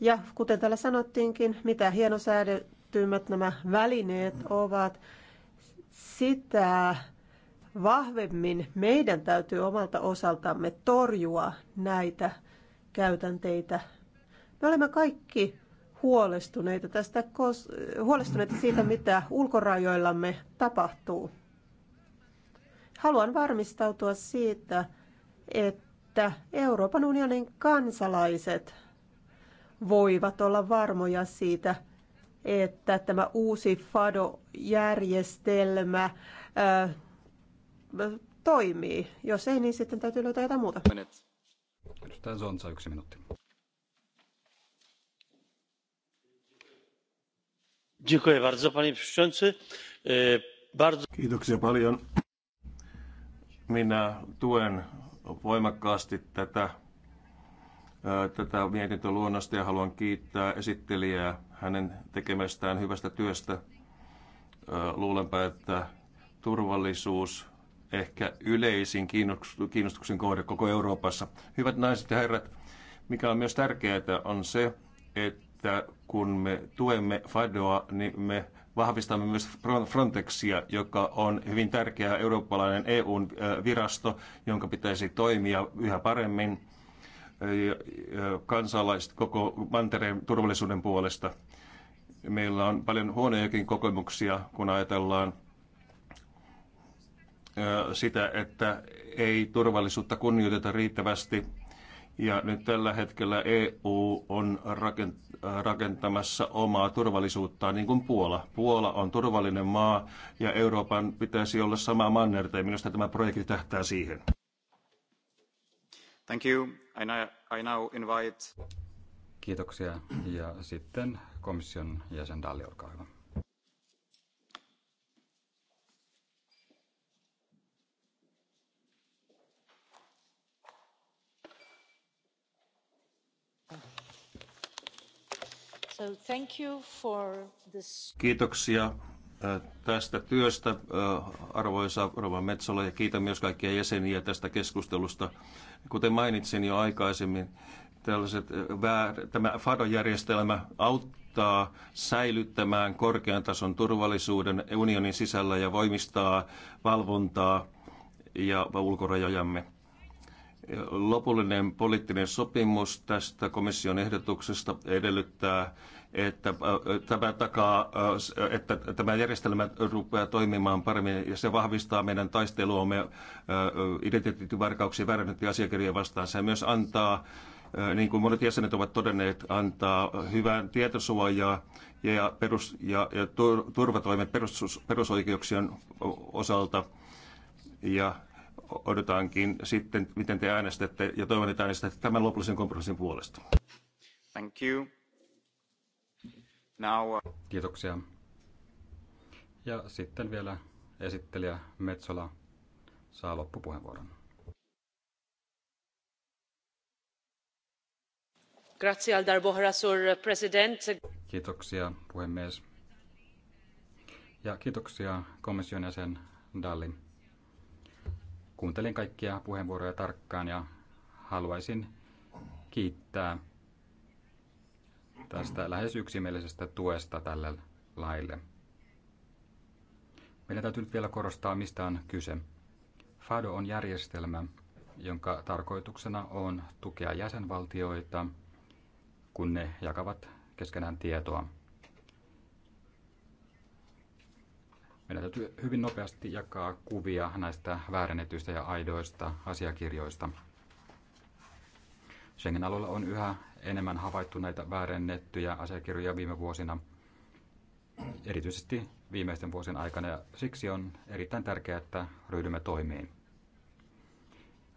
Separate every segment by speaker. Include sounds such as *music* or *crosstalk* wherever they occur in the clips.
Speaker 1: Ja kuten täällä sanottiinkin, mitä hienosäädettymät nämä välineet ovat, sitä vahvemmin meidän täytyy omalta osaltamme torjua näitä käytänteitä. Me olemme kaikki huolestuneita, tästä, huolestuneita siitä, mitä ulkorajoillamme tapahtuu. Haluan varmistautua siitä, että että Euroopan unionin kansalaiset voivat olla varmoja siitä, että tämä uusi FADO-järjestelmä toimii. Jos ei, niin sitten täytyy löytää jotain muuta.
Speaker 2: Edustaja Zonsa, yksi minuutti.
Speaker 3: E, Kiitoksia paljon. Minä tuen voimakkaasti tätä, tätä mietintöluonnosta ja haluan kiittää esittelijää hänen tekemästään hyvästä työstä. Luulenpa, että turvallisuus ehkä yleisin kiinnostuksen kohde koko Euroopassa. Hyvät naiset ja herrat, mikä on myös tärkeää on se, että kun me tuemme FADOa, niin me vahvistamme myös Frontexia, joka on hyvin tärkeä eurooppalainen eu virasto, jonka pitäisi toimia yhä paremmin kansalaiset koko mantereen turvallisuuden puolesta. Meillä on paljon huonojakin kokemuksia, kun ajatellaan sitä, että ei turvallisuutta kunnioiteta riittävästi ja nyt tällä hetkellä EU on rakentamassa omaa turvallisuuttaan niin kuin Puola. Puola on turvallinen maa ja Euroopan pitäisi olla sama mannerta ja minusta tämä projekti
Speaker 2: tähtää siihen. Thank you. I now, I now invite... Kiitoksia. Ja sitten komission jäsen Dalli, olkaa hyvä.
Speaker 3: Kiitoksia äh, tästä työstä, äh, arvoisa Rova Metsola, ja kiitän myös kaikkia jäseniä tästä keskustelusta. Kuten mainitsin jo aikaisemmin, tällaiset, äh, tämä FADO-järjestelmä auttaa säilyttämään korkean tason turvallisuuden unionin sisällä ja voimistaa valvontaa ja ulkorajojamme. Lopullinen poliittinen sopimus tästä komission ehdotuksesta edellyttää, että äh, tämä, takaa, äh, että tämä järjestelmä rupeaa toimimaan paremmin ja se vahvistaa meidän taisteluamme äh, identiteettivarkauksia väärännettyjä asiakirjoja vastaan. Se myös antaa niin kuin monet jäsenet ovat todenneet, antaa hyvän tietosuojaa ja, perus, ja, ja turvatoimet perus, perusoikeuksien osalta. Ja odotankin sitten, miten te äänestätte, ja toivon, että äänestätte tämän lopullisen kompromissin puolesta.
Speaker 2: Thank you. Now, uh... Kiitoksia. Ja sitten vielä esittelijä Metsola saa
Speaker 1: loppupuheenvuoron. Grazie al president.
Speaker 2: Kiitoksia puhemies. Ja kiitoksia komission jäsen Dallin Kuuntelin kaikkia puheenvuoroja tarkkaan ja haluaisin kiittää tästä lähes yksimielisestä tuesta tälle laille. Meidän täytyy nyt vielä korostaa, mistä on kyse. FADO on järjestelmä, jonka tarkoituksena on tukea jäsenvaltioita, kun ne jakavat keskenään tietoa. Meidän täytyy hyvin nopeasti jakaa kuvia näistä väärennetyistä ja aidoista asiakirjoista. Schengen-alueella on yhä enemmän havaittu näitä väärennettyjä asiakirjoja viime vuosina, erityisesti viimeisten vuosien aikana, ja siksi on erittäin tärkeää, että ryhdymme toimiin.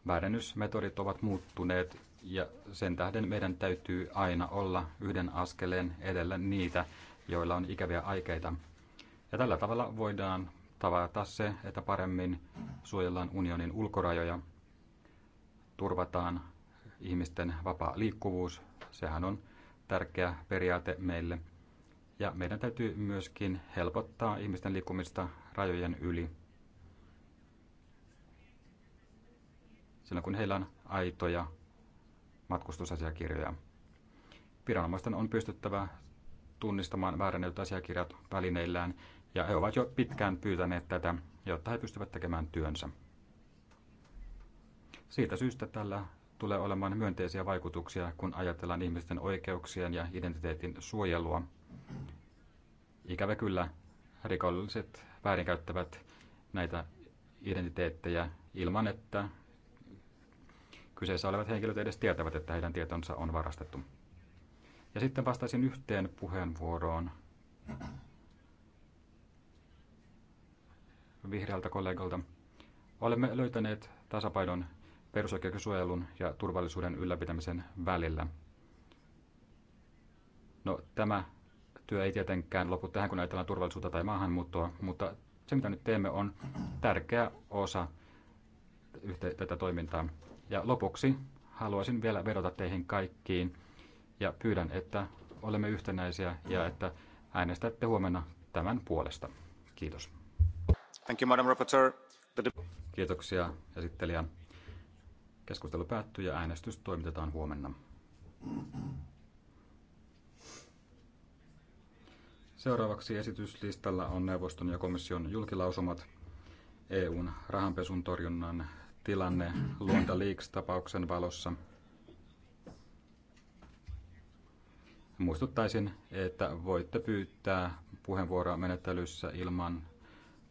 Speaker 2: Väärennysmetodit ovat muuttuneet ja sen tähden meidän täytyy aina olla yhden askeleen edellä niitä, joilla on ikäviä aikeita ja tällä tavalla voidaan tavata se, että paremmin suojellaan unionin ulkorajoja, turvataan ihmisten vapaa liikkuvuus, sehän on tärkeä periaate meille. Ja meidän täytyy myöskin helpottaa ihmisten liikkumista rajojen yli. Silloin kun heillä on aitoja matkustusasiakirjoja. Viranomaisten on pystyttävä tunnistamaan väärännetyt asiakirjat välineillään ja he ovat jo pitkään pyytäneet tätä, jotta he pystyvät tekemään työnsä. Siitä syystä tällä tulee olemaan myönteisiä vaikutuksia, kun ajatellaan ihmisten oikeuksien ja identiteetin suojelua. Ikävä kyllä, rikolliset väärinkäyttävät näitä identiteettejä ilman, että kyseessä olevat henkilöt edes tietävät, että heidän tietonsa on varastettu. Ja sitten vastaisin yhteen puheenvuoroon, vihreältä kollegalta. Olemme löytäneet tasapainon perusoikeuksien ja turvallisuuden ylläpitämisen välillä. No, tämä työ ei tietenkään lopu tähän, kun ajatellaan turvallisuutta tai maahanmuuttoa, mutta se, mitä nyt teemme, on tärkeä osa yhte- tätä toimintaa. Ja lopuksi haluaisin vielä vedota teihin kaikkiin ja pyydän, että olemme yhtenäisiä ja että äänestätte huomenna tämän puolesta. Kiitos. Kiitoksia esittelijä. Keskustelu päättyy ja äänestys toimitetaan huomenna. Seuraavaksi esityslistalla on neuvoston ja komission julkilausumat EUn rahanpesun torjunnan tilanne Luonta Leaks-tapauksen valossa. Muistuttaisin, että voitte pyytää puheenvuoroa menettelyssä ilman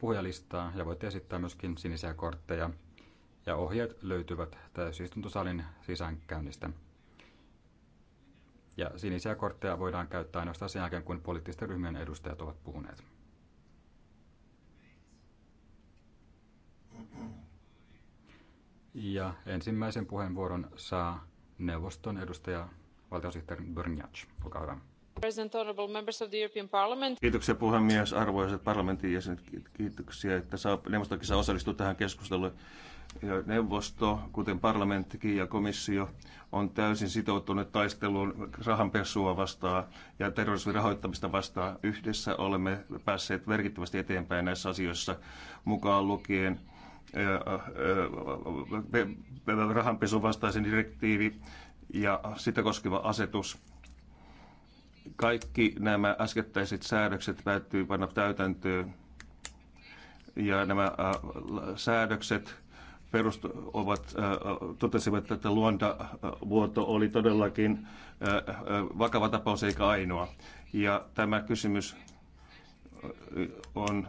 Speaker 2: puhujalistaa ja voitte esittää myöskin sinisiä kortteja. Ja ohjeet löytyvät täysistuntosalin sisäänkäynnistä. Ja sinisiä kortteja voidaan käyttää ainoastaan sen jälkeen, kun poliittisten ryhmien edustajat ovat puhuneet. Ja ensimmäisen puheenvuoron saa neuvoston edustaja valtiosihteeri Brnjac. Olkaa hyvä. Kiitoksia puhemies,
Speaker 3: arvoisat parlamentin jäsenet. Kiitoksia, että saa neuvostokin saa osallistua tähän keskusteluun. Neuvosto, kuten parlamenttikin ja komissio, on täysin sitoutunut taisteluun rahanpesua vastaan ja terrorismin rahoittamista vastaan. Yhdessä olemme päässeet merkittävästi eteenpäin näissä asioissa, mukaan lukien rahanpesun vastaisen direktiivi ja sitä koskeva asetus kaikki nämä äskettäiset säädökset täytyy panna täytäntöön ja nämä äh, säädökset perustu, ovat, äh, totesivat, että luontavuoto oli todellakin äh, vakava tapaus eikä ainoa. Ja tämä kysymys on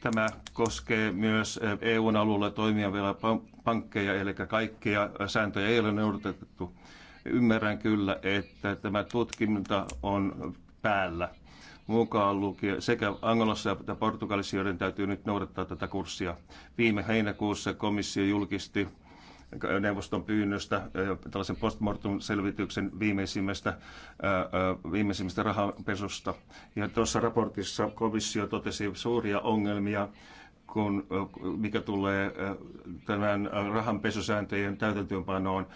Speaker 3: Tämä koskee myös EUn alueella toimivia vielä pankkeja, eli kaikkia sääntöjä ei ole noudatettu. Ymmärrän kyllä, että tämä tutkinta on päällä mukaan lukien sekä Angolassa että Portugalissa, joiden täytyy nyt noudattaa tätä kurssia. Viime heinäkuussa komissio julkisti neuvoston pyynnöstä tällaisen postmortum selvityksen viimeisimmästä, viimeisimmästä rahapesusta. Ja tuossa raportissa komissio totesi suuria ongelmia kun, mikä tulee tämän rahanpesusääntöjen täytäntöönpanoon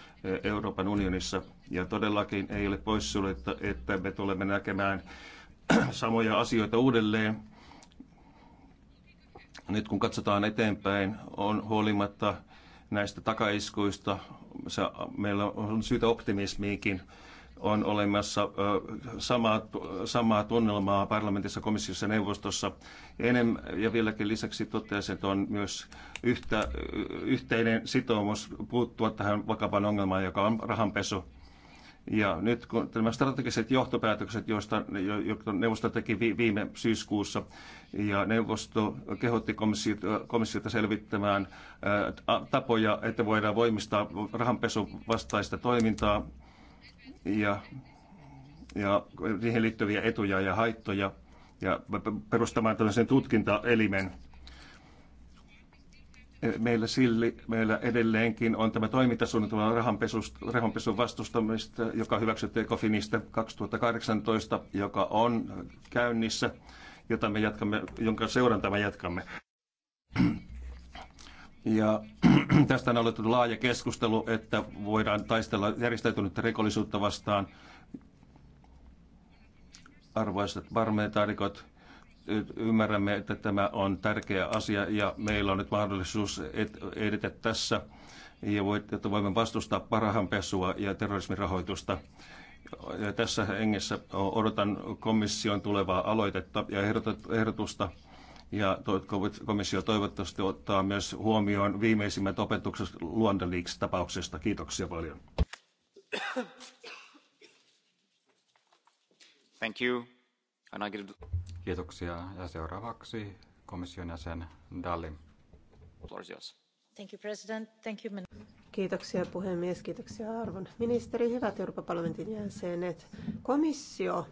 Speaker 3: Euroopan unionissa. Ja todellakin ei ole poissuljettu, että me tulemme näkemään *clears throat* samoja asioita uudelleen. Nyt kun katsotaan eteenpäin, on huolimatta näistä takaiskuista, meillä on syytä optimismiinkin on olemassa samaa, samaa tunnelmaa parlamentissa, komissiossa ja neuvostossa. Enem, ja vieläkin lisäksi toteaisin, että on myös yhtä, yhteinen sitoumus puuttua tähän vakavaan ongelmaan, joka on rahanpesu. Ja nyt kun nämä strategiset johtopäätökset, joista, neuvosto teki viime syyskuussa, ja neuvosto kehotti komissiota, selvittämään tapoja, että voidaan voimistaa rahanpesun vastaista toimintaa ja, ja siihen liittyviä etuja ja haittoja ja perustamaan tällaisen tutkintaelimen. E, meillä, silli, meillä edelleenkin on tämä toimintasuunnitelma rahanpesun vastustamista, joka hyväksyttiin Kofinista 2018, joka on käynnissä, jota me jatkamme, jonka seurantaa me jatkamme. Ja *clears throat* tästä on aloitettu laaja keskustelu, että voidaan taistella järjestäytynyttä rikollisuutta vastaan. Arvoisat varmeetaarikot, ymmärrämme, että tämä on tärkeä asia ja meillä on nyt mahdollisuus edetä tässä ja voit, että voimme vastustaa parahanpesua ja terrorismin rahoitusta. Ja tässä hengessä odotan komission tulevaa aloitetta ja ehdotusta ja komissio toivottavasti ottaa myös huomioon viimeisimmät opetukset Luondelinks-tapauksesta. Kiitoksia paljon.
Speaker 2: Thank you. Give... Kiitoksia. Ja seuraavaksi komission jäsen Dalli.
Speaker 1: Thank you, President. Thank you, Kiitoksia puhemies, kiitoksia arvon ministeri, hyvät Euroopan parlamentin jäsenet. Komissio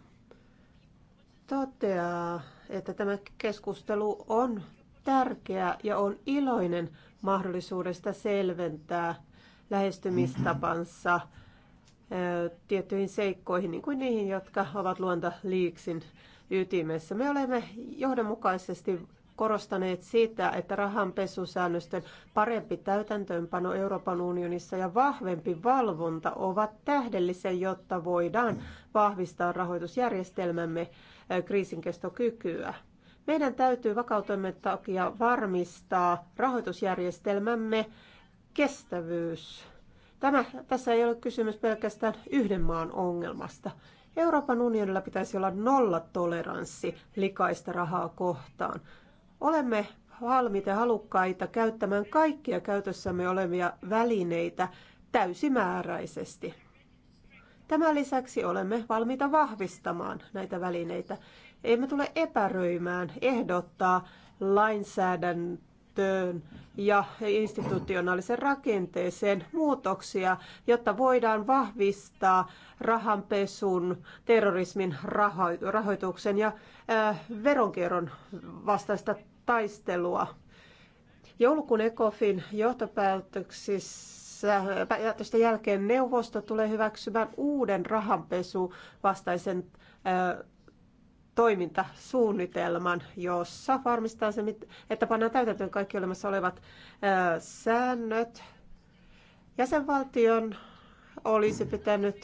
Speaker 1: toteaa että tämä keskustelu on tärkeä ja on iloinen mahdollisuudesta selventää lähestymistapansa tiettyihin seikkoihin, niin kuin niihin, jotka ovat luonta liiksin ytimessä. Me olemme johdonmukaisesti korostaneet sitä, että rahanpesusäännösten parempi täytäntöönpano Euroopan unionissa ja vahvempi valvonta ovat tähdellisiä, jotta voidaan vahvistaa rahoitusjärjestelmämme kriisinkestokykyä. Meidän täytyy vakautoimme takia varmistaa rahoitusjärjestelmämme kestävyys. Tämä, tässä ei ole kysymys pelkästään yhden maan ongelmasta. Euroopan unionilla pitäisi olla nolla toleranssi likaista rahaa kohtaan. Olemme valmiita ja halukkaita käyttämään kaikkia käytössämme olevia välineitä täysimääräisesti. Tämän lisäksi olemme valmiita vahvistamaan näitä välineitä. Emme tule epäröimään ehdottaa lainsäädäntöön ja institutionaaliseen rakenteeseen muutoksia, jotta voidaan vahvistaa rahanpesun, terrorismin rahoituksen ja äh, veronkierron vastaista taistelua. Joulukuun ECOFIN johtopäätöksissä tässä päätösten jälkeen neuvosto tulee hyväksymään uuden rahanpesu vastaisen toimintasuunnitelman, jossa varmistaa se, että pannaan täytäntöön kaikki olemassa olevat säännöt. Jäsenvaltion olisi pitänyt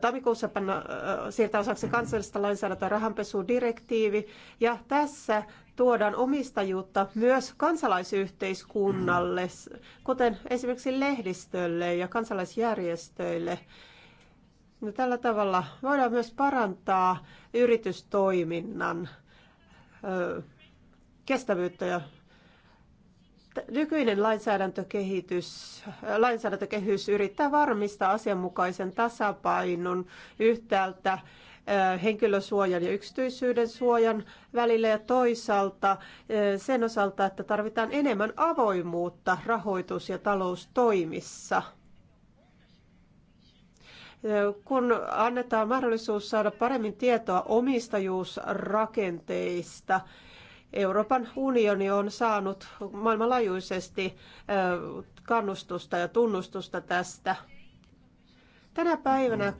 Speaker 1: tammikuussa panna, siirtää osaksi kansallista lainsäädäntöä rahanpesudirektiivi. Ja tässä tuodaan omistajuutta myös kansalaisyhteiskunnalle, kuten esimerkiksi lehdistölle ja kansalaisjärjestöille. No, tällä tavalla voidaan myös parantaa yritystoiminnan kestävyyttä ja Nykyinen lainsäädäntökehitys, äh, lainsäädäntökehys yrittää varmistaa asianmukaisen tasapainon yhtäältä äh, henkilösuojan ja yksityisyyden suojan välillä ja toisaalta äh, sen osalta, että tarvitaan enemmän avoimuutta rahoitus- ja taloustoimissa. Kun annetaan mahdollisuus saada paremmin tietoa omistajuusrakenteista Euroopan unioni on saanut maailmanlaajuisesti kannustusta ja tunnustusta tästä. Tänä päivänä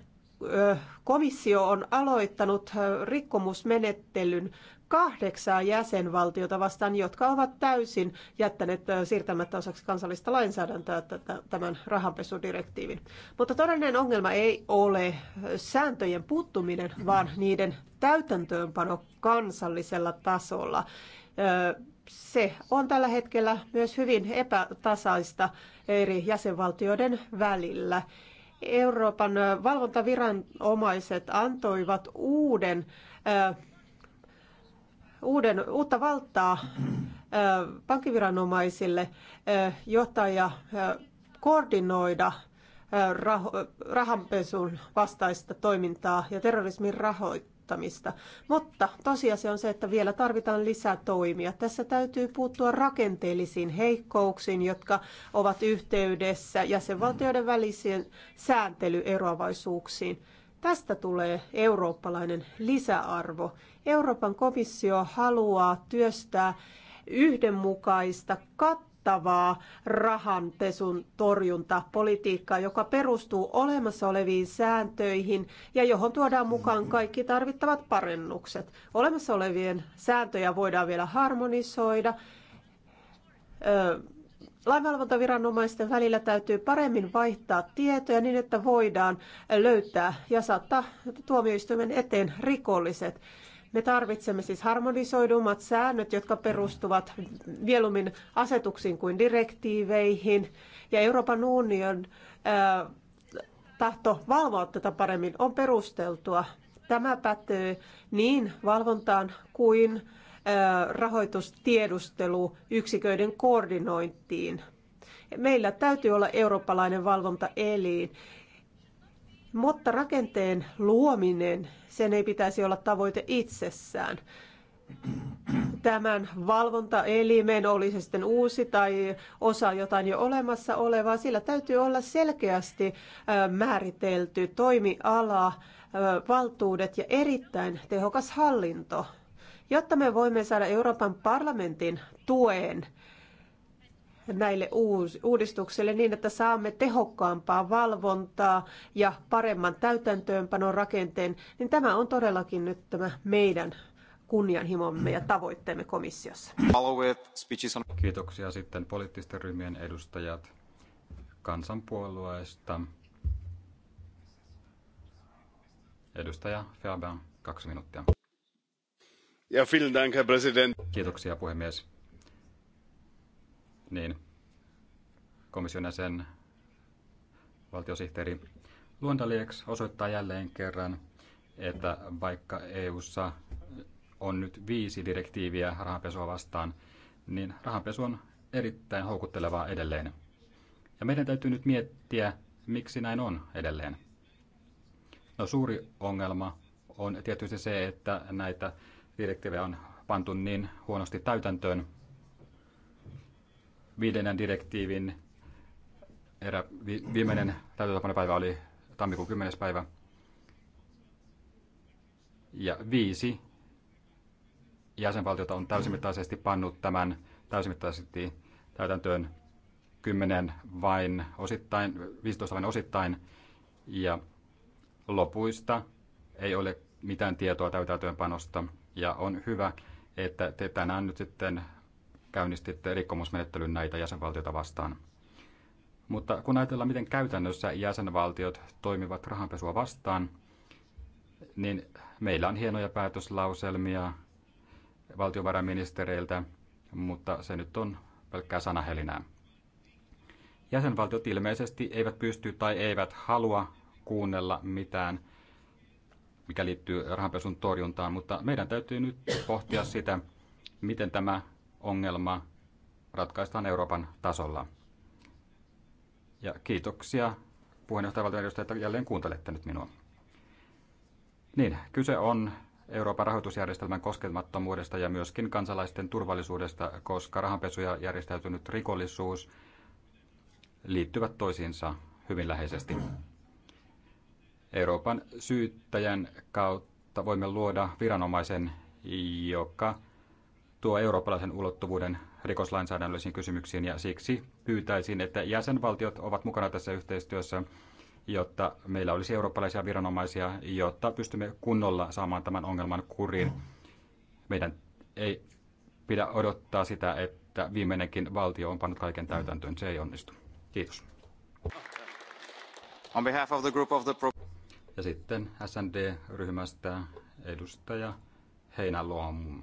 Speaker 1: komissio on aloittanut rikkomusmenettelyn kahdeksaa jäsenvaltiota vastaan, jotka ovat täysin jättäneet siirtämättä osaksi kansallista lainsäädäntöä tämän rahanpesudirektiivin. Mutta todellinen ongelma ei ole sääntöjen puuttuminen, vaan niiden täytäntöönpano kansallisella tasolla se on tällä hetkellä myös hyvin epätasaista eri jäsenvaltioiden välillä. Euroopan valvontaviranomaiset antoivat uuden uuden, uutta valtaa pankkiviranomaisille johtaa ja koordinoida rahanpesun vastaista toimintaa ja terrorismin rahoittamista. Mutta tosiasia on se, että vielä tarvitaan lisää toimia. Tässä täytyy puuttua rakenteellisiin heikkouksiin, jotka ovat yhteydessä jäsenvaltioiden välisiin sääntelyeroavaisuuksiin. Tästä tulee eurooppalainen lisäarvo Euroopan komissio haluaa työstää yhdenmukaista, kattavaa rahanpesun torjuntapolitiikkaa, joka perustuu olemassa oleviin sääntöihin ja johon tuodaan mukaan kaikki tarvittavat parannukset. Olemassa olevien sääntöjä voidaan vielä harmonisoida. Lainvalvontaviranomaisten välillä täytyy paremmin vaihtaa tietoja niin, että voidaan löytää ja saattaa tuomioistuimen eteen rikolliset. Me tarvitsemme siis harmonisoidummat säännöt, jotka perustuvat mieluummin asetuksiin kuin direktiiveihin. Ja Euroopan union tahto valvoa tätä paremmin on perusteltua. Tämä pätee niin valvontaan kuin rahoitustiedustelu yksiköiden koordinointiin. Meillä täytyy olla eurooppalainen valvontaelin mutta rakenteen luominen, sen ei pitäisi olla tavoite itsessään. Tämän valvontaelimen, oli se sitten uusi tai osa jotain jo olemassa olevaa, sillä täytyy olla selkeästi määritelty toimiala, valtuudet ja erittäin tehokas hallinto jotta me voimme saada Euroopan parlamentin tuen näille uudistuksille niin, että saamme tehokkaampaa valvontaa ja paremman täytäntöönpanon rakenteen, niin tämä on todellakin nyt tämä meidän kunnianhimomme ja tavoitteemme komissiossa.
Speaker 2: Kiitoksia sitten poliittisten ryhmien edustajat kansanpuolueesta. Edustaja Fabian, kaksi minuuttia. Ja vielen Dank, Herr Kiitoksia puhemies niin komission jäsen valtiosihteeri Luondalieks osoittaa jälleen kerran, että vaikka EU:ssa on nyt viisi direktiiviä rahanpesua vastaan, niin rahanpesu on erittäin houkuttelevaa edelleen. Ja meidän täytyy nyt miettiä, miksi näin on edelleen. No suuri ongelma on tietysti se, että näitä direktiivejä on pantu niin huonosti täytäntöön, viidennen direktiivin erä, vi, viimeinen täytäntöönpanopäivä oli tammikuun 10. päivä. Ja viisi jäsenvaltiota on täysimittaisesti pannut tämän täysimittaisesti täytäntöön 10 vain osittain, 15 vain osittain, ja lopuista ei ole mitään tietoa täytäntöönpanosta, ja on hyvä, että te tänään nyt sitten käynnistitte rikkomusmenettelyn näitä jäsenvaltioita vastaan. Mutta kun ajatellaan, miten käytännössä jäsenvaltiot toimivat rahanpesua vastaan, niin meillä on hienoja päätöslauselmia valtiovarainministereiltä, mutta se nyt on pelkkää sanahelinää. Jäsenvaltiot ilmeisesti eivät pysty tai eivät halua kuunnella mitään, mikä liittyy rahanpesun torjuntaan, mutta meidän täytyy nyt pohtia sitä, miten tämä ongelma ratkaistaan Euroopan tasolla. Ja kiitoksia puheenjohtajavaltion edustajat, että jälleen kuuntelette nyt minua. Niin, kyse on Euroopan rahoitusjärjestelmän koskemattomuudesta ja myöskin kansalaisten turvallisuudesta, koska rahanpesu ja järjestäytynyt rikollisuus liittyvät toisiinsa hyvin läheisesti. Euroopan syyttäjän kautta voimme luoda viranomaisen, joka tuo eurooppalaisen ulottuvuuden rikoslainsäädännöllisiin kysymyksiin ja siksi pyytäisin, että jäsenvaltiot ovat mukana tässä yhteistyössä, jotta meillä olisi eurooppalaisia viranomaisia, jotta pystymme kunnolla saamaan tämän ongelman kuriin. Meidän ei pidä odottaa sitä, että viimeinenkin valtio on pannut kaiken täytäntöön. Se ei onnistu. Kiitos. On behalf of the group of the pro- ja sitten SND-ryhmästä edustaja Heinäluomu.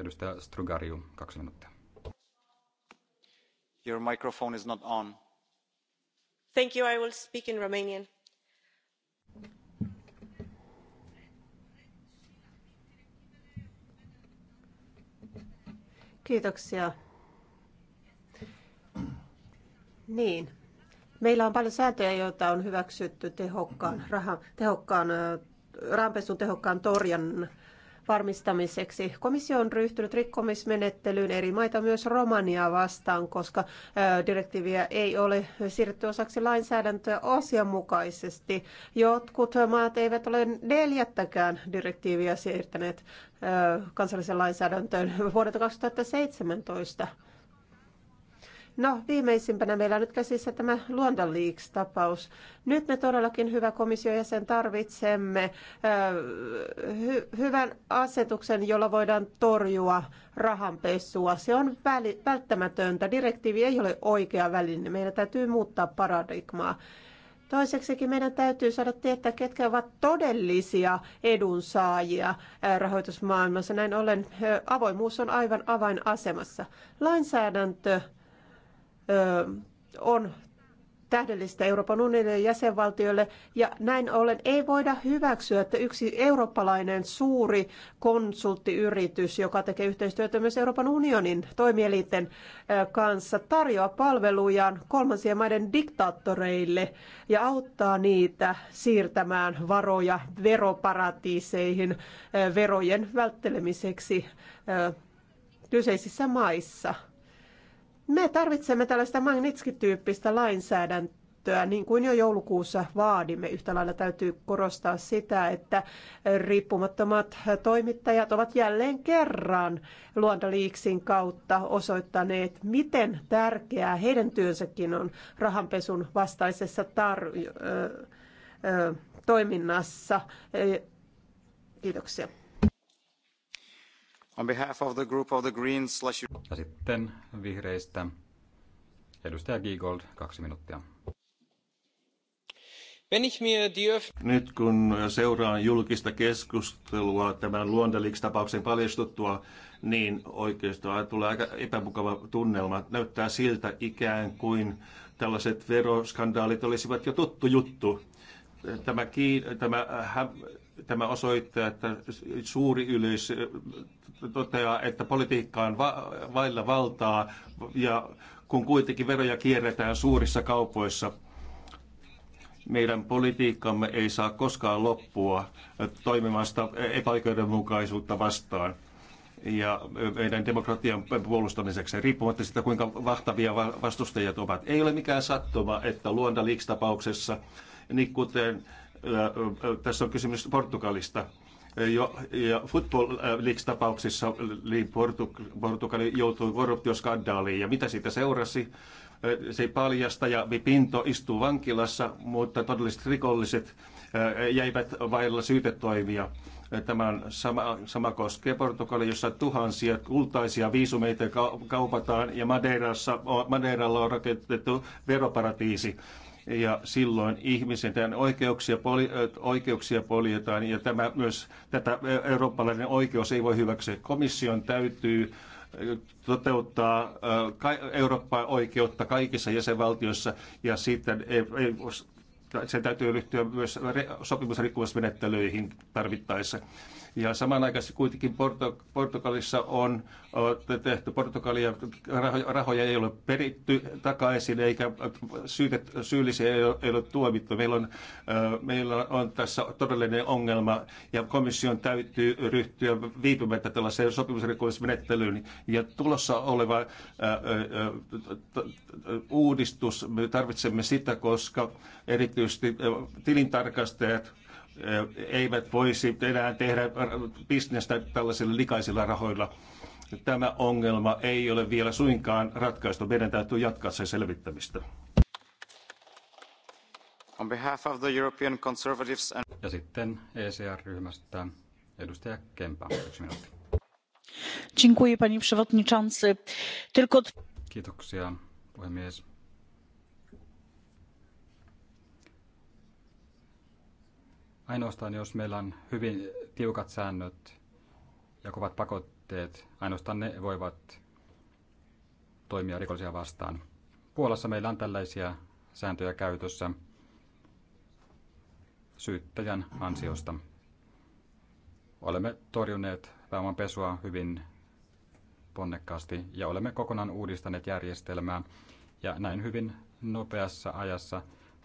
Speaker 2: Edustaja Strugariu, kaksi minuuttia. Your microphone is not on.
Speaker 1: Thank you, I will speak in Romanian. Kiitoksia. Niin. Meillä on paljon sääntöjä, joita on hyväksytty tehokkaan, rahan, tehokkaan rahanpesun tehokkaan torjan, varmistamiseksi. Komissio on ryhtynyt rikkomismenettelyyn eri maita myös Romaniaa vastaan, koska direktiiviä ei ole siirretty osaksi lainsäädäntöä asianmukaisesti. Jotkut maat eivät ole neljättäkään direktiiviä siirtäneet kansalliseen lainsäädäntöön vuodelta 2017. No, viimeisimpänä meillä on nyt käsissä tämä Luonda Leaks-tapaus. Nyt me todellakin, hyvä komission jäsen, tarvitsemme hy- hyvän asetuksen, jolla voidaan torjua rahanpesua. Se on välttämätöntä. Direktiivi ei ole oikea väline. Meidän täytyy muuttaa paradigmaa. Toiseksikin meidän täytyy saada tietää, ketkä ovat todellisia edunsaajia rahoitusmaailmassa. Näin ollen avoimuus on aivan avainasemassa. Lainsäädäntö on tähdellistä Euroopan unionin jäsenvaltioille, ja näin ollen ei voida hyväksyä, että yksi eurooppalainen suuri konsulttiyritys, joka tekee yhteistyötä myös Euroopan unionin toimielinten kanssa, tarjoaa palvelujaan kolmansien maiden diktaattoreille ja auttaa niitä siirtämään varoja veroparatiiseihin verojen välttelemiseksi kyseisissä maissa – me tarvitsemme tällaista Magnitski-tyyppistä lainsäädäntöä, niin kuin jo joulukuussa vaadimme. Yhtä lailla täytyy korostaa sitä, että riippumattomat toimittajat ovat jälleen kerran Luondaliiksin kautta osoittaneet, miten tärkeää heidän työnsäkin on rahanpesun vastaisessa tar- ö, ö, toiminnassa. Kiitoksia.
Speaker 2: On behalf of the group of the Greens slash... Ja sitten vihreistä edustaja Giegold, kaksi minuuttia.
Speaker 3: Nyt kun seuraan julkista keskustelua tämän Luondelix-tapauksen paljastuttua, niin oikeastaan tulee aika epämukava tunnelma. Näyttää siltä ikään kuin tällaiset veroskandaalit olisivat jo tuttu juttu. Tämä, kiin, tämä äh, Tämä osoittaa, että suuri ylös toteaa, että politiikka on va- vailla valtaa ja kun kuitenkin veroja kierretään suurissa kaupoissa meidän politiikkamme ei saa koskaan loppua toimimasta epäoikeudenmukaisuutta vastaan ja meidän demokratian puolustamiseksi, riippumatta siitä, kuinka vahtavia vastustajat ovat. Ei ole mikään sattuma, että Luanda Leaks-tapauksessa, niin kuten tässä on kysymys Portugalista. Jo, ja Football League-tapauksissa niin Portugali joutui korruptioskandaaliin ja mitä siitä seurasi? Se paljasta ja Pinto istuu vankilassa, mutta todelliset rikolliset jäivät vailla syytetoimia. Tämä sama, sama koskee Portugalia, jossa tuhansia kultaisia viisumeita kaupataan ja Madeirassa, Madeiralla on rakennettu veroparatiisi ja silloin ihmisen oikeuksia, poli, oikeuksia poljetaan ja tämä myös tätä eurooppalainen oikeus ei voi hyväksyä. Komission täytyy toteuttaa Euroopan oikeutta kaikissa jäsenvaltioissa ja sitten ei, ei, sen täytyy ryhtyä myös sopimusrikkomusmenettelyihin tarvittaessa. Ja samanaikaisesti kuitenkin Porto, Portugalissa on tehty, Portugalia rahoja ei ole peritty takaisin eikä syytet, syyllisiä ei ole, ei ole tuomittu. Meillä on, meillä on tässä todellinen ongelma ja komission täytyy ryhtyä viipymättä tällaiseen sopimusrikollismenettelyyn. Ja tulossa oleva uudistus, me tarvitsemme sitä, koska erityisesti tilintarkastajat eivät voisi enää tehdä bisnestä tällaisilla likaisilla rahoilla. Tämä ongelma ei ole vielä suinkaan ratkaistu. Meidän täytyy jatkaa sen
Speaker 2: selvittämistä. On behalf of the European Conservatives and... Ja sitten ECR-ryhmästä edustaja Kempa, yksi minuutti.
Speaker 1: Dziękuję, panie przewodniczący. Tylko...
Speaker 2: Kiitoksia, puhemies Ainoastaan jos meillä on hyvin tiukat säännöt ja kovat pakotteet, ainoastaan ne voivat toimia rikollisia vastaan. Puolassa meillä on tällaisia sääntöjä käytössä syyttäjän ansiosta. Olemme torjuneet pesua hyvin ponnekkaasti ja olemme kokonaan uudistaneet järjestelmää ja näin hyvin nopeassa ajassa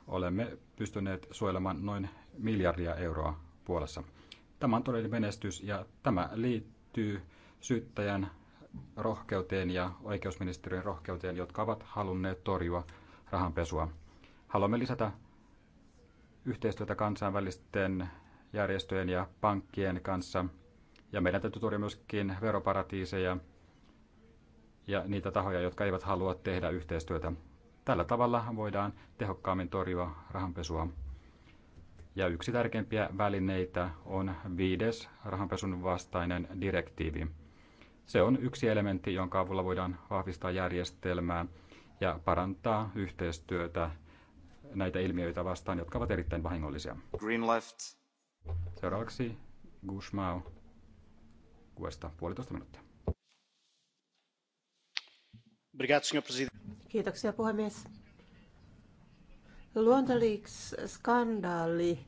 Speaker 2: olemme pystyneet suojelemaan noin miljardia euroa vuodessa. Tämä on todellinen menestys ja tämä liittyy syyttäjän rohkeuteen ja oikeusministeriön rohkeuteen, jotka ovat halunneet torjua rahanpesua. Haluamme lisätä yhteistyötä kansainvälisten järjestöjen ja pankkien kanssa. Ja meidän täytyy torjua myöskin veroparatiiseja ja niitä tahoja, jotka eivät halua tehdä yhteistyötä. Tällä tavalla voidaan tehokkaammin torjua rahanpesua. Ja yksi tärkeimpiä välineitä on viides rahanpesun vastainen direktiivi. Se on yksi elementti, jonka avulla voidaan vahvistaa järjestelmää ja parantaa yhteistyötä näitä ilmiöitä vastaan, jotka ovat erittäin vahingollisia. Green left. Seuraavaksi Gushmao Kuesta puolitoista minuuttia.
Speaker 1: Kiitoksia puhemies. Luontoliiks-skandaali,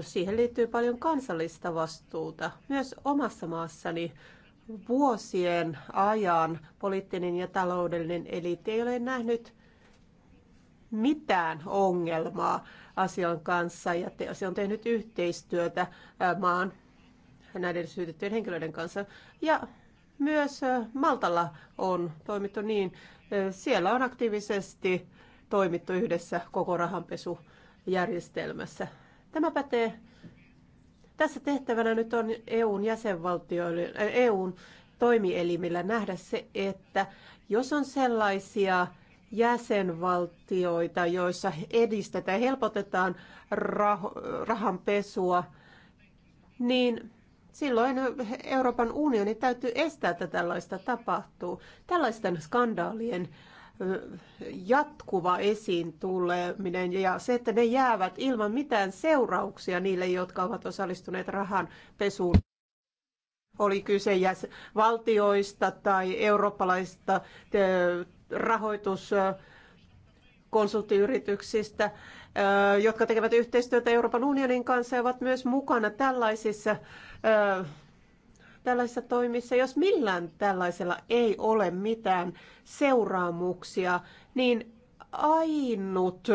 Speaker 1: siihen liittyy paljon kansallista vastuuta. Myös omassa maassani vuosien ajan poliittinen ja taloudellinen eliitti ei ole nähnyt mitään ongelmaa asian kanssa ja te, se on tehnyt yhteistyötä maan näiden syytettyjen henkilöiden kanssa. Ja myös Maltalla on toimittu niin. Siellä on aktiivisesti toimittu yhdessä koko rahanpesujärjestelmässä. Tämä pätee. Tässä tehtävänä nyt on EUn jäsenvaltioille, äh, EUn toimielimillä nähdä se, että jos on sellaisia jäsenvaltioita, joissa edistetään ja helpotetaan rah- rahanpesua, niin silloin Euroopan unioni täytyy estää, että tällaista tapahtuu. Tällaisten skandaalien jatkuva esiin tuleminen ja se, että ne jäävät ilman mitään seurauksia niille, jotka ovat osallistuneet rahan pesuun. Oli kyse valtioista tai eurooppalaisista rahoituskonsulttiyrityksistä, jotka tekevät yhteistyötä Euroopan unionin kanssa ja ovat myös mukana tällaisissa tällaisissa toimissa, jos millään tällaisella ei ole mitään seuraamuksia, niin ainut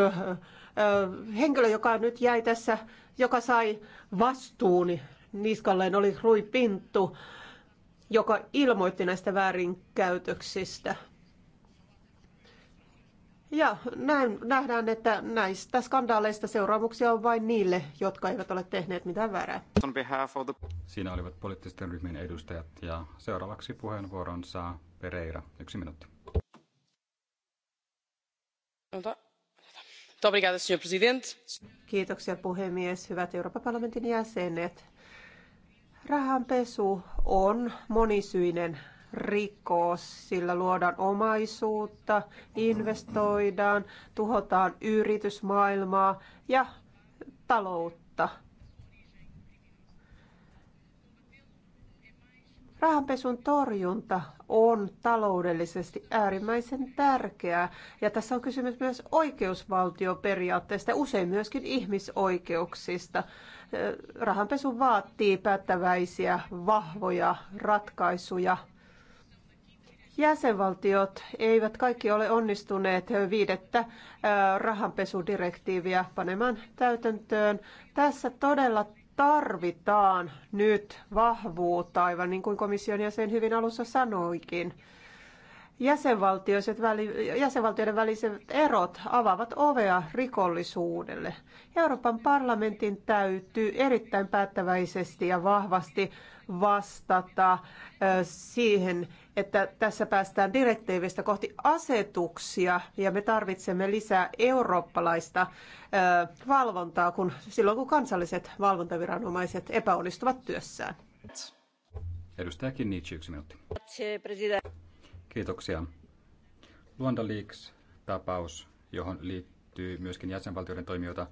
Speaker 1: henkilö, joka nyt jäi tässä, joka sai vastuuni, niskalleen, oli Rui Pinttu, joka ilmoitti näistä väärinkäytöksistä – ja näin nähdään, että näistä skandaaleista seuraamuksia on vain niille, jotka eivät ole tehneet mitään väärää.
Speaker 2: Siinä olivat poliittisten ryhmien edustajat ja seuraavaksi puheenvuoron saa Pereira. Yksi minuutti.
Speaker 1: Kiitoksia puhemies, hyvät Euroopan parlamentin jäsenet. Rahanpesu on monisyinen Rikos, sillä luodaan omaisuutta, investoidaan, tuhotaan yritysmaailmaa ja taloutta. Rahanpesun torjunta on taloudellisesti äärimmäisen tärkeää ja tässä on kysymys myös oikeusvaltioperiaatteesta, usein myöskin ihmisoikeuksista. Rahanpesu vaatii päättäväisiä, vahvoja ratkaisuja. Jäsenvaltiot eivät kaikki ole onnistuneet viidettä rahanpesudirektiiviä panemaan täytäntöön. Tässä todella tarvitaan nyt vahvuutta, aivan niin kuin komission jäsen hyvin alussa sanoikin. Jäsenvaltioiden väliset erot avaavat ovea rikollisuudelle. Euroopan parlamentin täytyy erittäin päättäväisesti ja vahvasti vastata siihen, että tässä päästään direktiivistä kohti asetuksia ja me tarvitsemme lisää eurooppalaista valvontaa kun, silloin, kun kansalliset valvontaviranomaiset epäonnistuvat työssään.
Speaker 2: Edustaja Kinnici, yksi minuutti. Kiitoksia. Luanda Leaks-tapaus, johon liittyy myöskin jäsenvaltioiden toimijoita,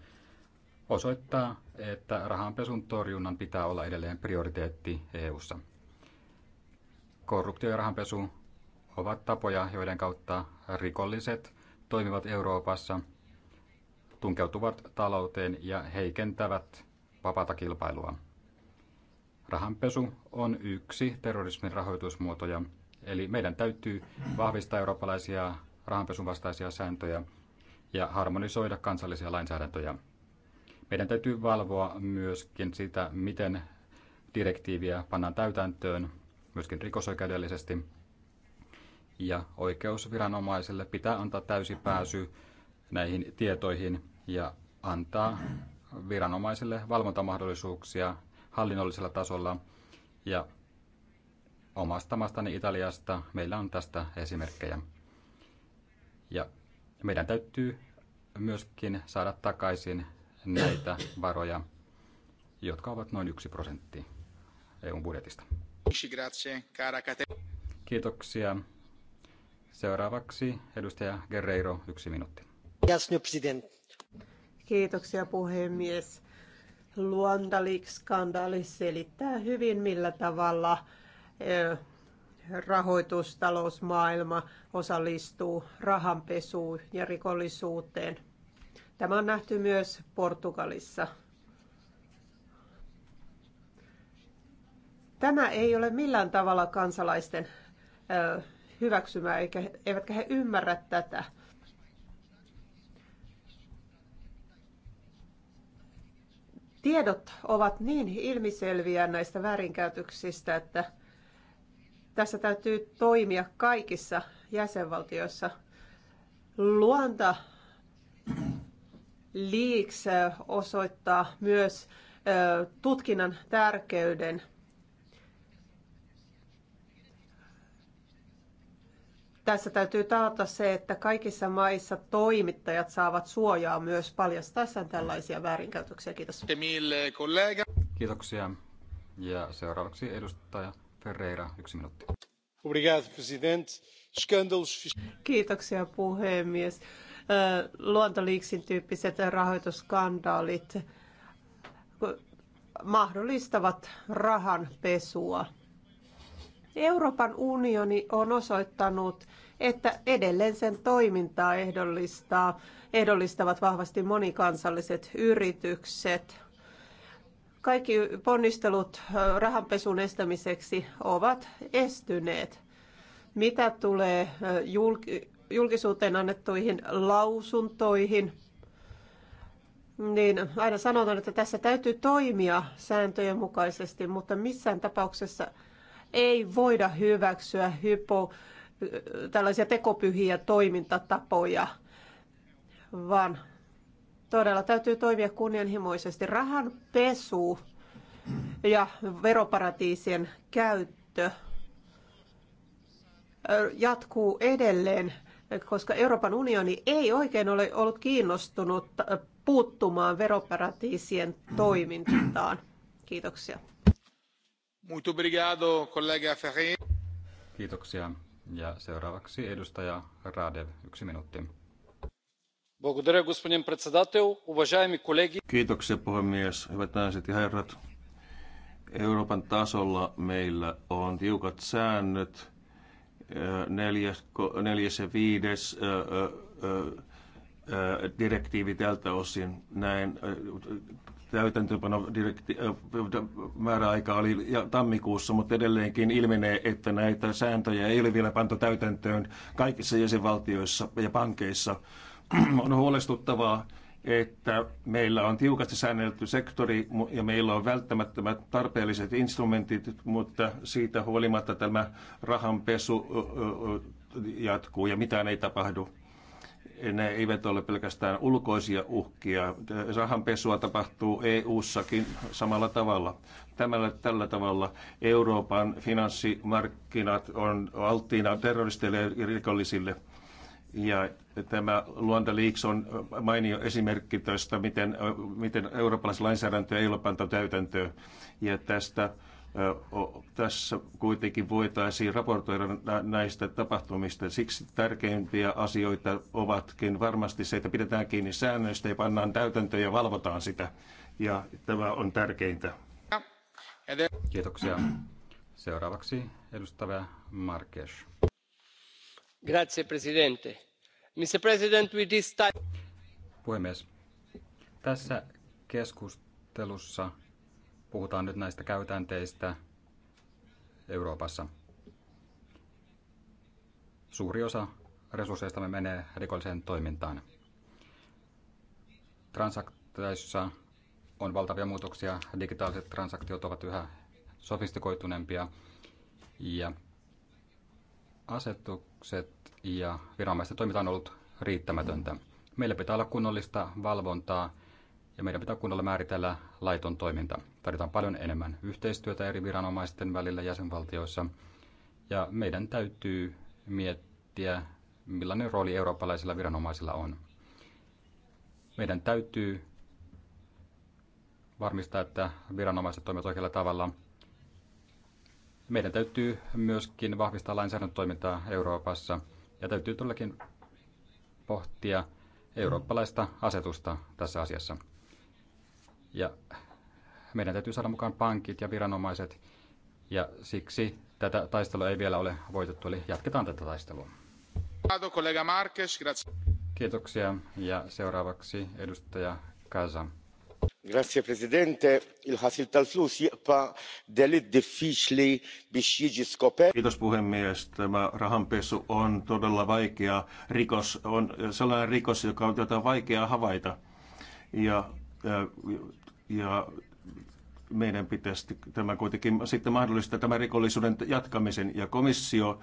Speaker 2: osoittaa, että rahanpesun torjunnan pitää olla edelleen prioriteetti EU:ssa. Korruptio ja rahanpesu ovat tapoja, joiden kautta rikolliset toimivat Euroopassa, tunkeutuvat talouteen ja heikentävät vapaata kilpailua. Rahanpesu on yksi terrorismin rahoitusmuotoja, eli meidän täytyy vahvistaa eurooppalaisia rahanpesun vastaisia sääntöjä ja harmonisoida kansallisia lainsäädäntöjä. Meidän täytyy valvoa myöskin sitä, miten direktiiviä pannaan täytäntöön myöskin rikosoikeudellisesti. Ja oikeusviranomaisille pitää antaa täysi pääsy näihin tietoihin ja antaa viranomaisille valvontamahdollisuuksia hallinnollisella tasolla. Ja omasta maastani Italiasta meillä on tästä esimerkkejä. Ja meidän täytyy myöskin saada takaisin näitä varoja, jotka ovat noin yksi prosentti EUn budjetista. Kiitoksia. Seuraavaksi edustaja Guerreiro, yksi minuutti.
Speaker 1: Kiitoksia puhemies. luandalik selittää hyvin, millä tavalla eh, rahoitustalousmaailma osallistuu rahanpesuun ja rikollisuuteen. Tämä on nähty myös Portugalissa. Tämä ei ole millään tavalla kansalaisten hyväksymää, eikä, eivätkä he ymmärrä tätä. Tiedot ovat niin ilmiselviä näistä väärinkäytöksistä, että tässä täytyy toimia kaikissa jäsenvaltioissa. Luonta liiks osoittaa myös tutkinnan tärkeyden – Tässä täytyy taata se, että kaikissa maissa toimittajat saavat suojaa myös paljastaessaan tällaisia väärinkäytöksiä. Kiitos.
Speaker 2: Kiitoksia. Ja seuraavaksi edustaja Ferreira, yksi minuutti.
Speaker 1: Kiitoksia puhemies. Luontoliiksin tyyppiset rahoitusskandaalit mahdollistavat rahan pesua. Euroopan unioni on osoittanut, että edelleen sen toimintaa ehdollistaa, ehdollistavat vahvasti monikansalliset yritykset. Kaikki ponnistelut rahanpesun estämiseksi ovat estyneet. Mitä tulee julkisuuteen annettuihin lausuntoihin, niin aina sanotaan, että tässä täytyy toimia sääntöjen mukaisesti, mutta missään tapauksessa – ei voida hyväksyä hypo, tällaisia tekopyhiä toimintatapoja, vaan todella täytyy toimia kunnianhimoisesti. Rahan pesu ja veroparatiisien käyttö jatkuu edelleen, koska Euroopan unioni ei oikein ole ollut kiinnostunut puuttumaan veroparatiisien toimintaan. Kiitoksia.
Speaker 4: Muito obrigado, Ferreira.
Speaker 2: Kiitoksia. Ja seuraavaksi edustaja Radev, yksi minuutti.
Speaker 3: Kiitoksia puhemies, hyvät naiset ja herrat. Euroopan tasolla meillä on tiukat säännöt. Äh, neljäs, neljäs ja viides äh, äh, direktiivi tältä osin. Näin täytäntöönpano määräaika oli tammikuussa, mutta edelleenkin ilmenee, että näitä sääntöjä ei ole vielä pantu täytäntöön kaikissa jäsenvaltioissa ja pankeissa. *clears throat* on huolestuttavaa, että meillä on tiukasti säännelty sektori ja meillä on välttämättömät tarpeelliset instrumentit, mutta siitä huolimatta tämä rahanpesu jatkuu ja mitään ei tapahdu ne eivät ole pelkästään ulkoisia uhkia. Rahanpesua tapahtuu eu ssakin samalla tavalla. Tämällä, tällä tavalla Euroopan finanssimarkkinat on alttiina terroristeille ja rikollisille. Ja tämä Luanda Leaks on mainio esimerkki tästä, miten, miten eurooppalaisen lainsäädäntö ei ole pantu täytäntöön. Ja tästä tässä kuitenkin voitaisiin raportoida näistä tapahtumista. Siksi tärkeimpiä asioita ovatkin varmasti se, että pidetään kiinni säännöistä ja pannaan täytäntöön ja valvotaan sitä. Ja tämä
Speaker 2: on tärkeintä. Kiitoksia. Seuraavaksi edustaja Marques.
Speaker 4: Grazie, presidente. Mr. President, with this time...
Speaker 2: Puhemies, tässä keskustelussa puhutaan nyt näistä käytänteistä Euroopassa. Suuri osa me menee rikolliseen toimintaan. Transaktioissa on valtavia muutoksia. Digitaaliset transaktiot ovat yhä sofistikoituneempia ja asetukset ja viranomaisten toiminta on ollut riittämätöntä. Meillä pitää olla kunnollista valvontaa ja meidän pitää kunnolla määritellä laiton toiminta. Tarvitaan paljon enemmän yhteistyötä eri viranomaisten välillä jäsenvaltioissa ja meidän täytyy miettiä, millainen rooli eurooppalaisilla viranomaisilla on. Meidän täytyy varmistaa, että viranomaiset toimivat oikealla tavalla. Meidän täytyy myöskin vahvistaa lainsäädäntötoimintaa Euroopassa ja täytyy todellakin pohtia eurooppalaista asetusta tässä asiassa. Ja meidän täytyy saada mukaan pankit ja viranomaiset, ja siksi tätä taistelua ei vielä ole voitettu, eli jatketaan tätä taistelua. Kiitoksia, ja seuraavaksi edustaja Kaza.
Speaker 4: Grazie Presidente. Il Hasil tal siepa delit diffiċli biex Kiitos
Speaker 3: puhemies. Tämä rahanpesu on todella vaikea rikos. On sellainen rikos, joka on, jota on vaikea havaita. Ja äh, ja meidän pitäisi tämä kuitenkin sitten mahdollistaa tämän rikollisuuden jatkamisen. Ja komissio,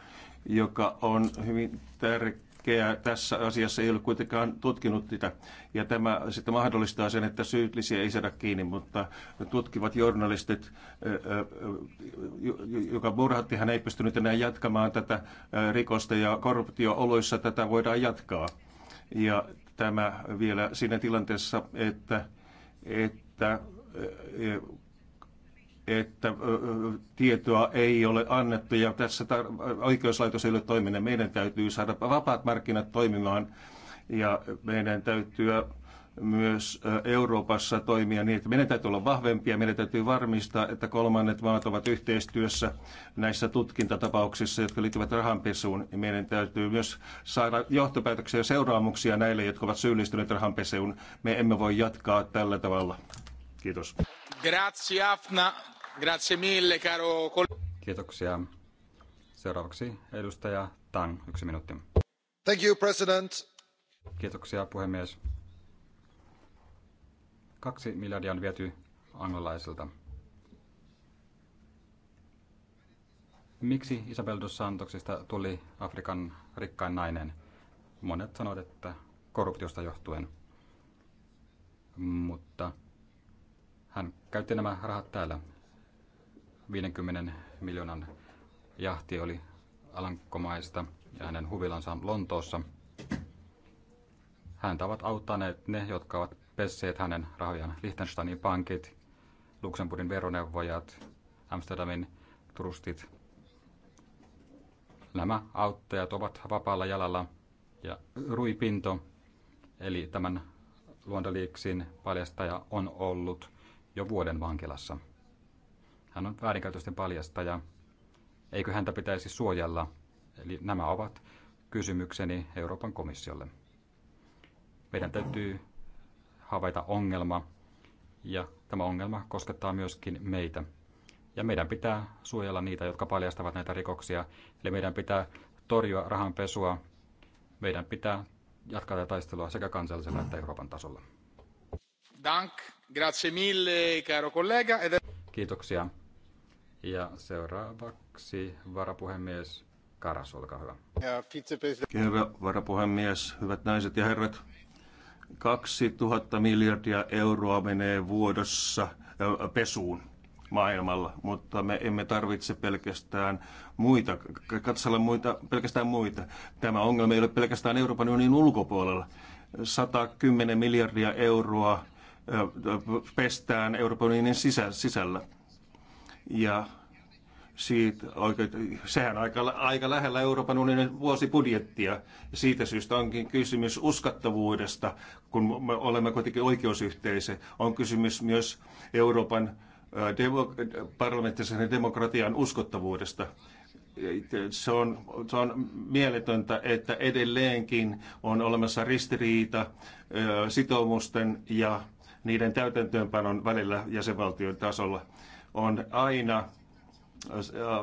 Speaker 3: joka on hyvin tärkeä tässä asiassa, ei ole kuitenkaan tutkinut sitä. Ja tämä sitten mahdollistaa sen, että syyllisiä ei saada kiinni, mutta tutkivat journalistit, joka murhatti, hän ei pystynyt enää jatkamaan tätä rikosta ja korruptiooloissa tätä voidaan jatkaa. Ja tämä vielä siinä tilanteessa, että, että että, eh, että eh, tietoa ei ole annettu ja tässä tar- oikeuslaitos ei ole toiminut. Meidän täytyy saada vapaat markkinat toimimaan ja meidän täytyy myös eh, Euroopassa toimia niin, että meidän täytyy olla vahvempia, meidän täytyy varmistaa, että kolmannet maat ovat yhteistyössä näissä tutkintatapauksissa, jotka liittyvät rahanpesuun. Ja meidän täytyy myös saada johtopäätöksiä ja seuraamuksia näille, jotka ovat syyllistyneet rahanpesuun. Me emme voi jatkaa tällä tavalla. Kiitos.
Speaker 4: Grazie Afna. Grazie mille, caro
Speaker 2: Kiitoksia. Seuraavaksi edustaja Tan, yksi minuutti. Thank you, President. Kiitoksia, puhemies. Kaksi miljardia on viety angolaisilta. Miksi Isabel dos Santosista tuli Afrikan rikkain nainen? Monet sanovat, että korruptiosta johtuen. Mutta hän käytti nämä rahat täällä. 50 miljoonan jahti oli Alankomaista ja hänen huvilansa on Lontoossa. Häntä ovat auttaneet ne, jotka ovat pesseet hänen rahojaan. Liechtensteinin pankit, Luxemburgin veroneuvojat, Amsterdamin trustit. Nämä auttajat ovat vapaalla jalalla ja Rui Pinto, eli tämän luontoliiksin paljastaja, on ollut jo vuoden vankilassa. Hän on väärinkäytösten paljastaja. Eikö häntä pitäisi suojella? Eli nämä ovat kysymykseni Euroopan komissiolle. Meidän täytyy havaita ongelma, ja tämä ongelma koskettaa myöskin meitä. Ja meidän pitää suojella niitä, jotka paljastavat näitä rikoksia. Eli meidän pitää torjua rahanpesua. Meidän pitää jatkaa tätä taistelua sekä kansallisella että Euroopan tasolla.
Speaker 4: Dank. Grazie mille, caro
Speaker 2: collega. Kiitoksia. Ja seuraavaksi varapuhemies Karas, olkaa hyvä.
Speaker 4: Herra
Speaker 3: varapuhemies, hyvät naiset ja herrat. 2000 miljardia euroa menee vuodossa pesuun maailmalla, mutta me emme tarvitse pelkästään muita, katsella muita, pelkästään muita. Tämä ongelma ei ole pelkästään Euroopan unionin ulkopuolella. 110 miljardia euroa pestään Euroopan unionin sisällä. Ja siitä, oikein, sehän aika, aika lähellä Euroopan unionin vuosibudjettia. Siitä syystä onkin kysymys uskattavuudesta, kun me olemme kuitenkin oikeusyhteisö. On kysymys myös Euroopan demo, parlamenttisen demokratian uskottavuudesta. Se on, se on mieletöntä, että edelleenkin on olemassa ristiriita sitoumusten ja niiden täytäntöönpanon välillä jäsenvaltion tasolla on aina äh,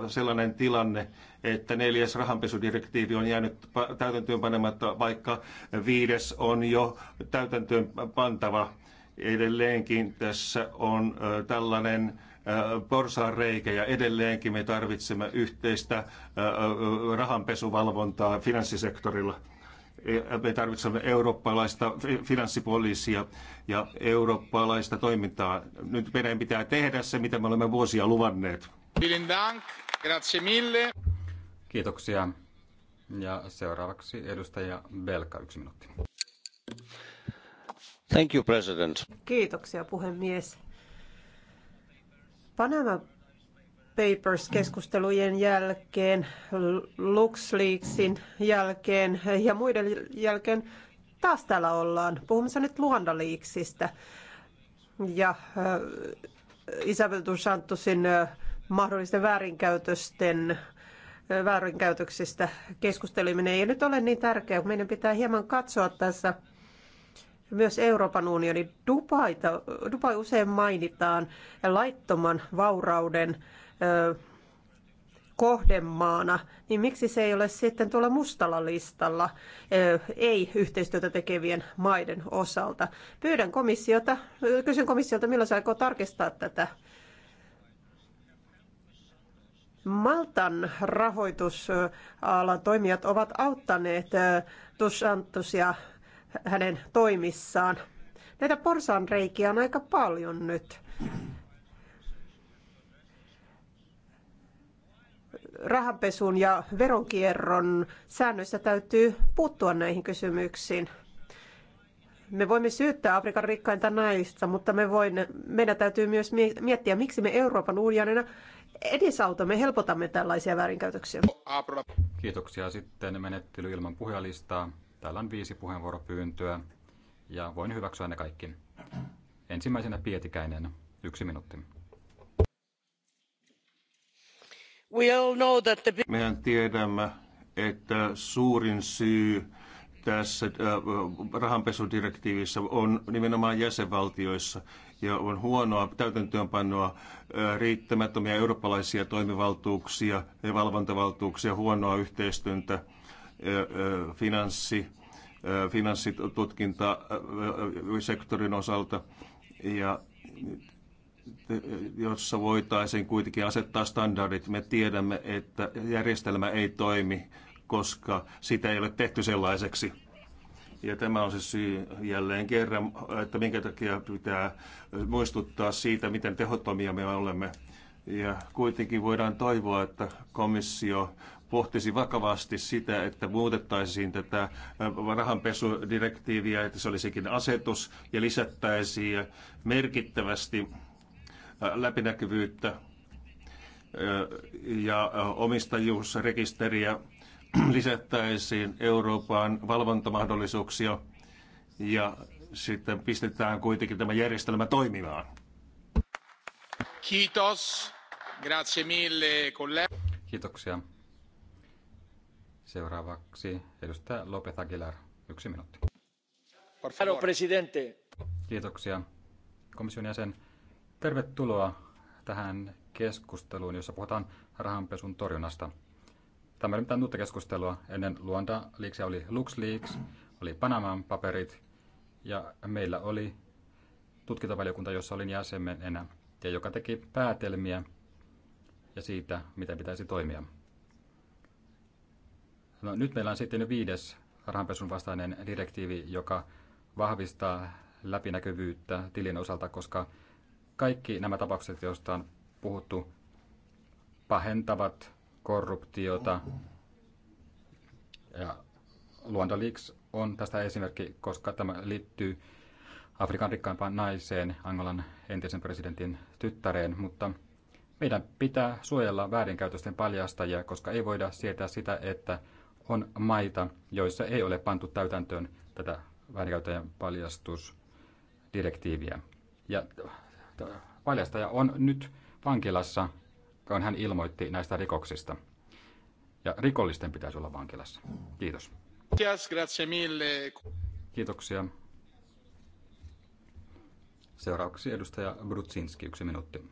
Speaker 3: sellainen tilanne, että neljäs rahanpesudirektiivi on jäänyt täytäntöönpanematta, vaikka viides on jo täytäntöönpantava. Edelleenkin tässä on äh, tällainen äh, reikä ja edelleenkin me tarvitsemme yhteistä rahanpesuvalvontaa finanssisektorilla me tarvitsemme eurooppalaista finanssipoliisia ja eurooppalaista toimintaa. Nyt meidän pitää
Speaker 2: tehdä se, mitä me olemme vuosia luvanneet. Kiitoksia. Ja seuraavaksi edustaja Belka, yksi minuutti. Thank
Speaker 3: you, President.
Speaker 1: Kiitoksia, puhemies. Panama Papers-keskustelujen jälkeen, LuxLeaksin jälkeen ja muiden jälkeen taas täällä ollaan puhumassa nyt Luandaliiksistä ja äh, Isabel Duchantosin äh, mahdollisten väärinkäytösten äh, väärinkäytöksistä keskusteleminen ei nyt ole niin tärkeää, kun meidän pitää hieman katsoa tässä myös Euroopan unioni. Dubaita, Dubai usein mainitaan laittoman vaurauden äh, kohdemaana, niin miksi se ei ole sitten tuolla mustalla listalla ei yhteistyötä tekevien maiden osalta? Pyydän komissiota, kysyn komissiolta, milloin se aikoo tarkistaa tätä Maltan rahoitusalan toimijat ovat auttaneet Tussantusia hänen toimissaan. Näitä porsaanreikiä on aika paljon nyt. rahanpesun ja veronkierron säännöissä täytyy puuttua näihin kysymyksiin. Me voimme syyttää Afrikan rikkainta naista, mutta me voin, meidän täytyy myös miettiä, miksi me Euroopan unionina edesautamme, helpotamme tällaisia väärinkäytöksiä.
Speaker 2: Kiitoksia. Sitten menettely ilman puhelistaa. Täällä on viisi puheenvuoropyyntöä ja voin hyväksyä ne kaikki. Ensimmäisenä Pietikäinen, yksi minuutti.
Speaker 1: Mehän
Speaker 3: tiedämme, että suurin syy tässä äh, rahanpesudirektiivissä on nimenomaan jäsenvaltioissa ja on huonoa täytäntöönpanoa, äh, riittämättömiä eurooppalaisia toimivaltuuksia ja valvontavaltuuksia, huonoa yhteistyötä, äh, finanssi, finanssitutkintasektorin osalta ja jossa voitaisiin kuitenkin asettaa standardit. Me tiedämme, että järjestelmä ei toimi, koska sitä ei ole tehty sellaiseksi. Ja tämä on se syy jälleen kerran, että minkä takia pitää muistuttaa siitä, miten tehottomia me olemme. Ja kuitenkin voidaan toivoa, että komissio pohtisi vakavasti sitä, että muutettaisiin tätä rahanpesudirektiiviä, että se olisikin asetus ja lisättäisiin merkittävästi läpinäkyvyyttä ja omistajuusrekisteriä *clears throat* lisättäisiin Euroopan valvontamahdollisuuksia ja sitten pistetään kuitenkin tämä järjestelmä toimimaan.
Speaker 4: Kiitos. Grazie mille, collega.
Speaker 2: Kiitoksia. Seuraavaksi edustaja Lopez Aguilar. Yksi minuutti. Por favor. Kiitoksia. Komission jäsen. Tervetuloa tähän keskusteluun, jossa puhutaan rahanpesun torjunnasta. Tämä oli mitään uutta keskustelua. Ennen Luanda Leaksia oli LuxLeaks, oli Panaman paperit ja meillä oli tutkintavaliokunta, jossa olin jäsenenä ja joka teki päätelmiä ja siitä, miten pitäisi toimia. No, nyt meillä on sitten viides rahanpesun vastainen direktiivi, joka vahvistaa läpinäkyvyyttä tilin osalta, koska kaikki nämä tapaukset, joista on puhuttu, pahentavat korruptiota. Ja Luandoliiks on tästä esimerkki, koska tämä liittyy Afrikan rikkaimpaan naiseen, Angolan entisen presidentin tyttäreen, mutta meidän pitää suojella väärinkäytösten paljastajia, koska ei voida sietää sitä, että on maita, joissa ei ole pantu täytäntöön tätä väärinkäytöjen paljastusdirektiiviä. Ja Äh, paljastaja on nyt vankilassa, kun hän ilmoitti näistä rikoksista. Ja rikollisten pitäisi olla vankilassa. Kiitos. Kiitoksia. Seuraavaksi edustaja Brutsinski, yksi minuutti.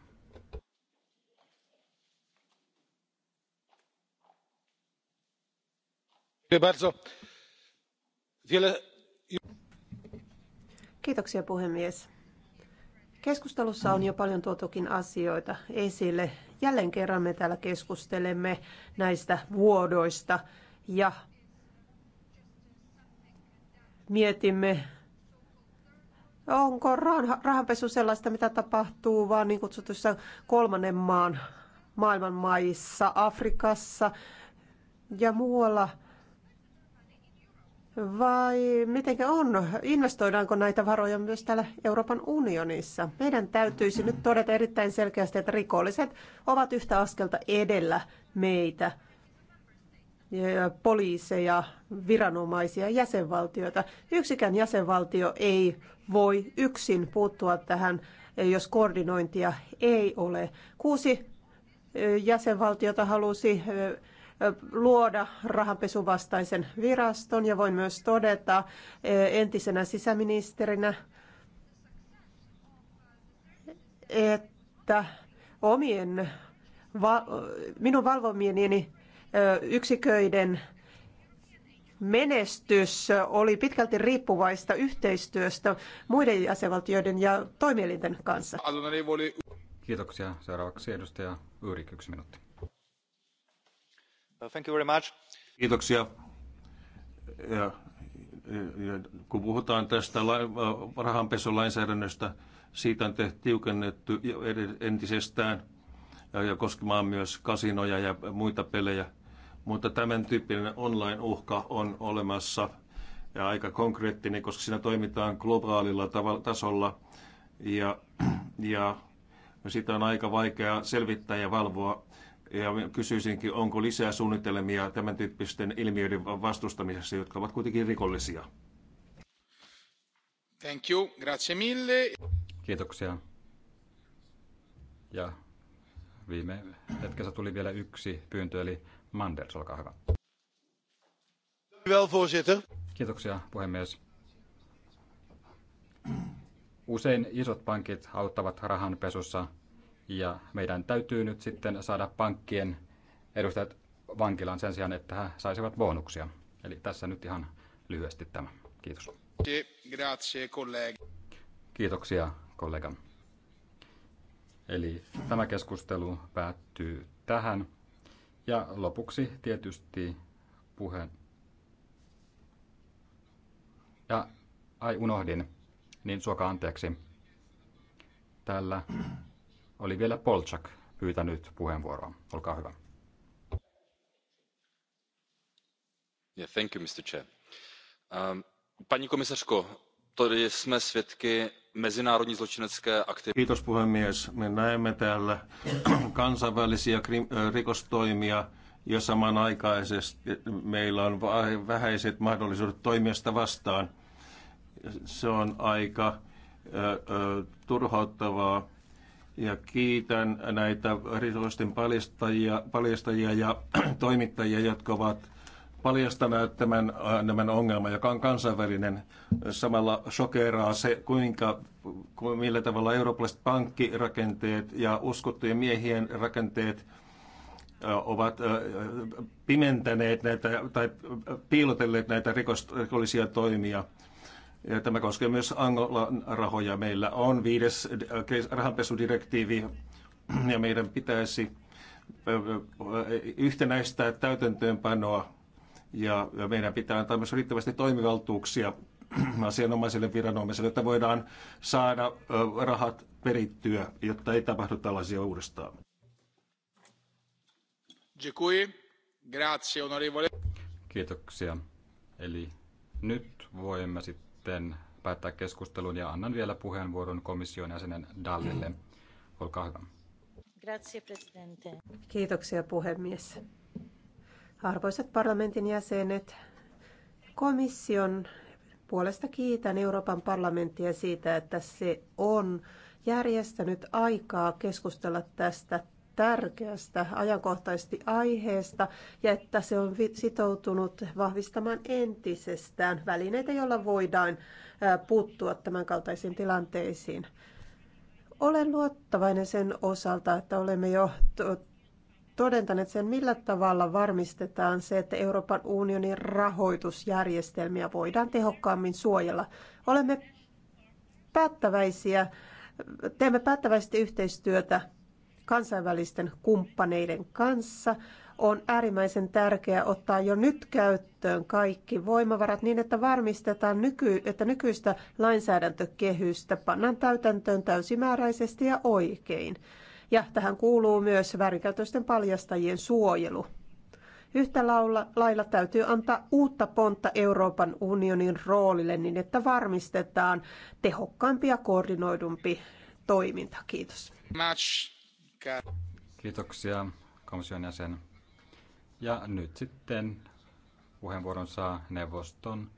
Speaker 1: Kiitoksia puhemies. Keskustelussa on jo paljon tuotukin asioita esille. Jälleen kerran me täällä keskustelemme näistä vuodoista ja mietimme, onko rahanpesu sellaista, mitä tapahtuu vaan niin kutsutussa kolmannen maan maailman maissa, Afrikassa ja muualla – vai miten on? Investoidaanko näitä varoja myös täällä Euroopan unionissa? Meidän täytyisi nyt todeta erittäin selkeästi, että rikolliset ovat yhtä askelta edellä meitä, poliiseja, viranomaisia, jäsenvaltioita. Yksikään jäsenvaltio ei voi yksin puuttua tähän, jos koordinointia ei ole. Kuusi jäsenvaltiota halusi luoda rahanpesuvastaisen viraston ja voin myös todeta e, entisenä sisäministerinä, että omien, minun valvomieni e, yksiköiden menestys oli pitkälti riippuvaista yhteistyöstä muiden jäsenvaltioiden ja toimielinten kanssa.
Speaker 2: Kiitoksia. Seuraavaksi edustaja Yyrik, yksi minuutti. Uh, Kiitoksia. Ja, ja, kun puhutaan
Speaker 3: tästä äh, rahanpesulainsäädännöstä, siitä on tehty tiukennettu entisestään ja koskemaan myös kasinoja ja muita pelejä. Mutta tämän tyyppinen online-uhka on olemassa ja aika konkreettinen, koska siinä toimitaan globaalilla tasolla ja, ja sitä on aika vaikea selvittää ja valvoa ja kysyisinkin, onko lisää suunnitelmia tämän tyyppisten ilmiöiden vastustamisessa, jotka ovat kuitenkin rikollisia?
Speaker 4: Thank you. Grazie mille.
Speaker 2: Kiitoksia. Ja viime hetkessä tuli vielä yksi pyyntö, eli Manders, olkaa hyvä. Kiitoksia, puhemies. Usein isot pankit auttavat rahanpesussa – ja meidän täytyy nyt sitten saada pankkien edustajat vankilaan sen sijaan, että he saisivat bonuksia. Eli tässä nyt ihan lyhyesti tämä. Kiitos. Kiitoksia, kollega. Eli tämä keskustelu päättyy tähän. Ja lopuksi tietysti puheen. Ja ai unohdin, niin suoka anteeksi. Tällä oli vielä Polchak pyytänyt puheenvuoroa. Olkaa hyvä. Yeah, thank you, Mr. Chair. Um, paní komisařko, tady jsme svědky mezinárodní zločinecké aktivity.
Speaker 3: Kiitos puhemies. Me näemme täällä *clears throat* kansainvälisiä rikostoimia ja samanaikaisesti meillä on vähäiset mahdollisuudet toimijasta vastaan. Se on aika ö, ö, turhauttavaa ja kiitän näitä rikosten paljastajia, paljastajia ja *clears throat* toimittajia, jotka ovat paljastaneet tämän, äh, tämän ongelman, joka on kansainvälinen. Samalla shokeeraa se, kuinka, millä tavalla eurooppalaiset pankkirakenteet ja uskottujen miehien rakenteet äh, ovat äh, pimentäneet näitä tai piilotelleet näitä rikollisia toimia. Ja tämä koskee myös Angolan rahoja. Meillä on viides rahanpesudirektiivi ja meidän pitäisi yhtenäistää täytäntöönpanoa ja meidän pitää antaa myös riittävästi toimivaltuuksia asianomaisille viranomaisille, että voidaan saada rahat perittyä, jotta ei tapahdu
Speaker 2: tällaisia uudestaan. Kiitoksia. Eli nyt voimme sitten sitten päättää keskustelun ja annan vielä puheenvuoron komission jäsenen Dallille. Olkaa hyvä.
Speaker 1: Kiitoksia puhemies. Arvoisat parlamentin jäsenet, komission puolesta kiitän Euroopan parlamenttia siitä, että se on järjestänyt aikaa keskustella tästä tärkeästä ajankohtaisesti aiheesta ja että se on sitoutunut vahvistamaan entisestään välineitä, joilla voidaan puuttua tämänkaltaisiin tilanteisiin. Olen luottavainen sen osalta, että olemme jo todentaneet sen, millä tavalla varmistetaan se, että Euroopan unionin rahoitusjärjestelmiä voidaan tehokkaammin suojella. Olemme päättäväisiä, teemme päättäväisesti yhteistyötä kansainvälisten kumppaneiden kanssa. On äärimmäisen tärkeää ottaa jo nyt käyttöön kaikki voimavarat niin, että varmistetaan, nyky, että nykyistä lainsäädäntökehystä pannaan täytäntöön täysimääräisesti ja oikein. Ja tähän kuuluu myös väärinkäytösten paljastajien suojelu. Yhtä lailla, lailla täytyy antaa uutta pontta Euroopan unionin roolille niin, että varmistetaan tehokkaampi ja koordinoidumpi toiminta. Kiitos.
Speaker 4: Match.
Speaker 2: Kiitoksia komission jäsen. Ja nyt sitten puheenvuoron saa neuvoston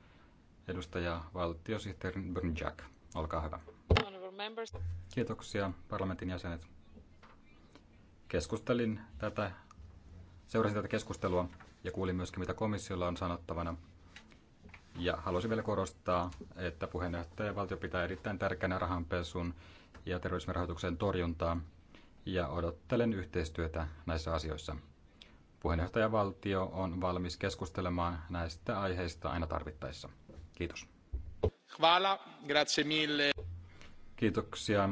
Speaker 2: edustaja valtiosihteeri Brnjak. Olkaa hyvä. Kiitoksia parlamentin jäsenet. Keskustelin tätä, seurasin tätä keskustelua ja kuulin myöskin, mitä komissiolla on sanottavana. Ja haluaisin vielä korostaa, että puheenjohtaja valtio pitää erittäin tärkeänä rahanpesun ja terrorismin torjuntaa ja odottelen yhteistyötä näissä asioissa. Puheenjohtajavaltio on valmis keskustelemaan näistä aiheista aina tarvittaessa. Kiitos.
Speaker 4: Hvala, grazie mille.
Speaker 2: Kiitoksia.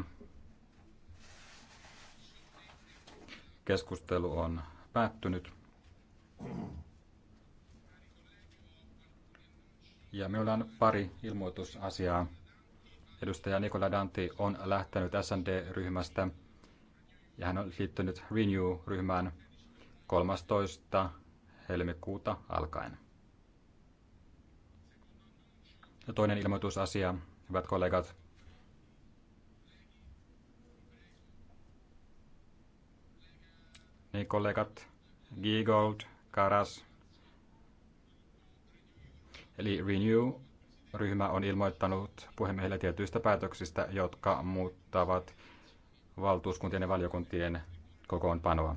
Speaker 2: Keskustelu on päättynyt. Ja meillä on pari ilmoitusasiaa. Edustaja Nikola Danti on lähtenyt SND-ryhmästä ja hän on liittynyt Renew-ryhmään 13. helmikuuta alkaen. Ja toinen ilmoitusasia, hyvät kollegat. Niin kollegat, Giegold, Karas, eli Renew-ryhmä on ilmoittanut puhemiehelle tietyistä päätöksistä, jotka muuttavat valtuuskuntien ja valiokuntien kokoonpanoa.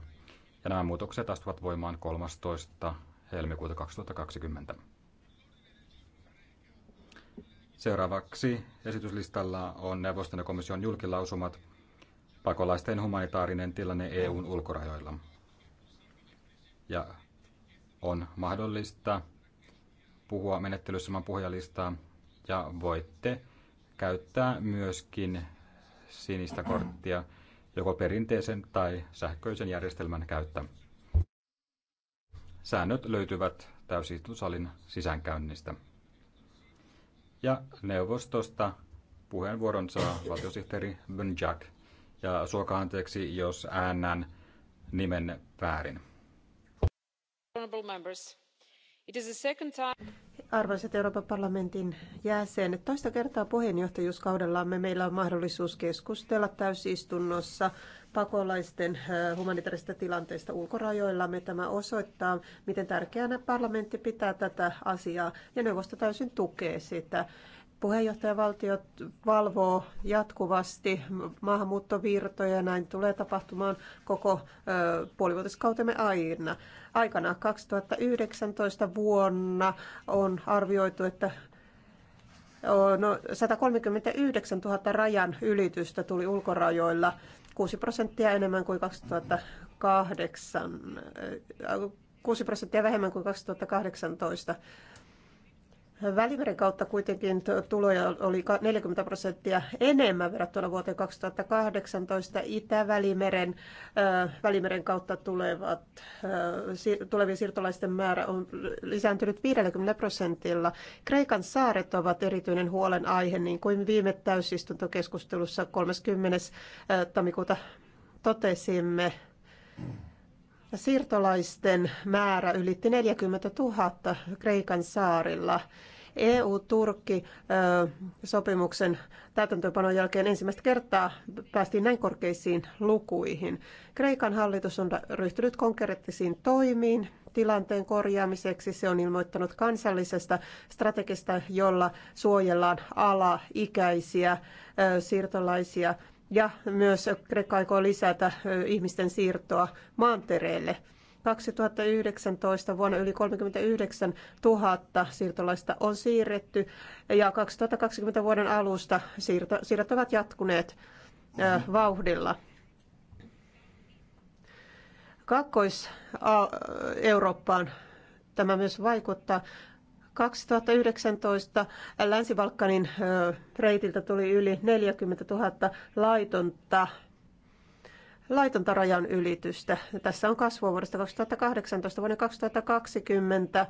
Speaker 2: Ja nämä muutokset astuvat voimaan 13. helmikuuta 2020. Seuraavaksi esityslistalla on neuvoston ja komission julkilausumat pakolaisten humanitaarinen tilanne EUn ulkorajoilla. Ja on mahdollista puhua menettelyssä puhujalistaa ja voitte käyttää myöskin sinistä korttia joko perinteisen tai sähköisen järjestelmän käyttä. Säännöt löytyvät täysistuntosalin sisäänkäynnistä. Ja neuvostosta puheenvuoron saa valtiosihteeri Bönjak. Ja suokaa anteeksi, jos äännän nimen väärin.
Speaker 1: Arvoisat Euroopan parlamentin jäsenet, toista kertaa puheenjohtajuuskaudellamme meillä on mahdollisuus keskustella täysistunnossa pakolaisten äh, humanitaarista tilanteesta ulkorajoillamme. Tämä osoittaa, miten tärkeänä parlamentti pitää tätä asiaa ja neuvosto täysin tukee sitä. Puheenjohtajavaltiot valvoo jatkuvasti maahanmuuttovirtoja ja näin tulee tapahtumaan koko puolivuotiskautemme aina. Aikana 2019 vuonna on arvioitu, että no, 139 000 rajan ylitystä tuli ulkorajoilla, 6 prosenttia enemmän kuin 2008, 6 prosenttia vähemmän kuin 2018 Välimeren kautta kuitenkin tuloja oli 40 prosenttia enemmän verrattuna vuoteen 2018. Itä-Välimeren Välimeren kautta tulevat, tulevien siirtolaisten määrä on lisääntynyt 50 prosentilla. Kreikan saaret ovat erityinen huolenaihe, niin kuin viime täysistuntokeskustelussa 30. tammikuuta totesimme. Siirtolaisten määrä ylitti 40 000 Kreikan saarilla. EU-Turkki-sopimuksen täytäntöönpanon jälkeen ensimmäistä kertaa päästiin näin korkeisiin lukuihin. Kreikan hallitus on ryhtynyt konkreettisiin toimiin tilanteen korjaamiseksi. Se on ilmoittanut kansallisesta strategista, jolla suojellaan alaikäisiä siirtolaisia ja myös Kreikka aikoo lisätä ihmisten siirtoa maantereelle. 2019 vuonna yli 39 000 siirtolaista on siirretty ja 2020 vuoden alusta siirto, siirrot ovat jatkuneet mhm. vauhdilla. Kakkois-Eurooppaan tämä myös vaikuttaa. 2019 Länsi-Balkanin reitiltä tuli yli 40 000 laitonta laitonta rajan ylitystä. Tässä on kasvua vuodesta 2018 vuoden 2020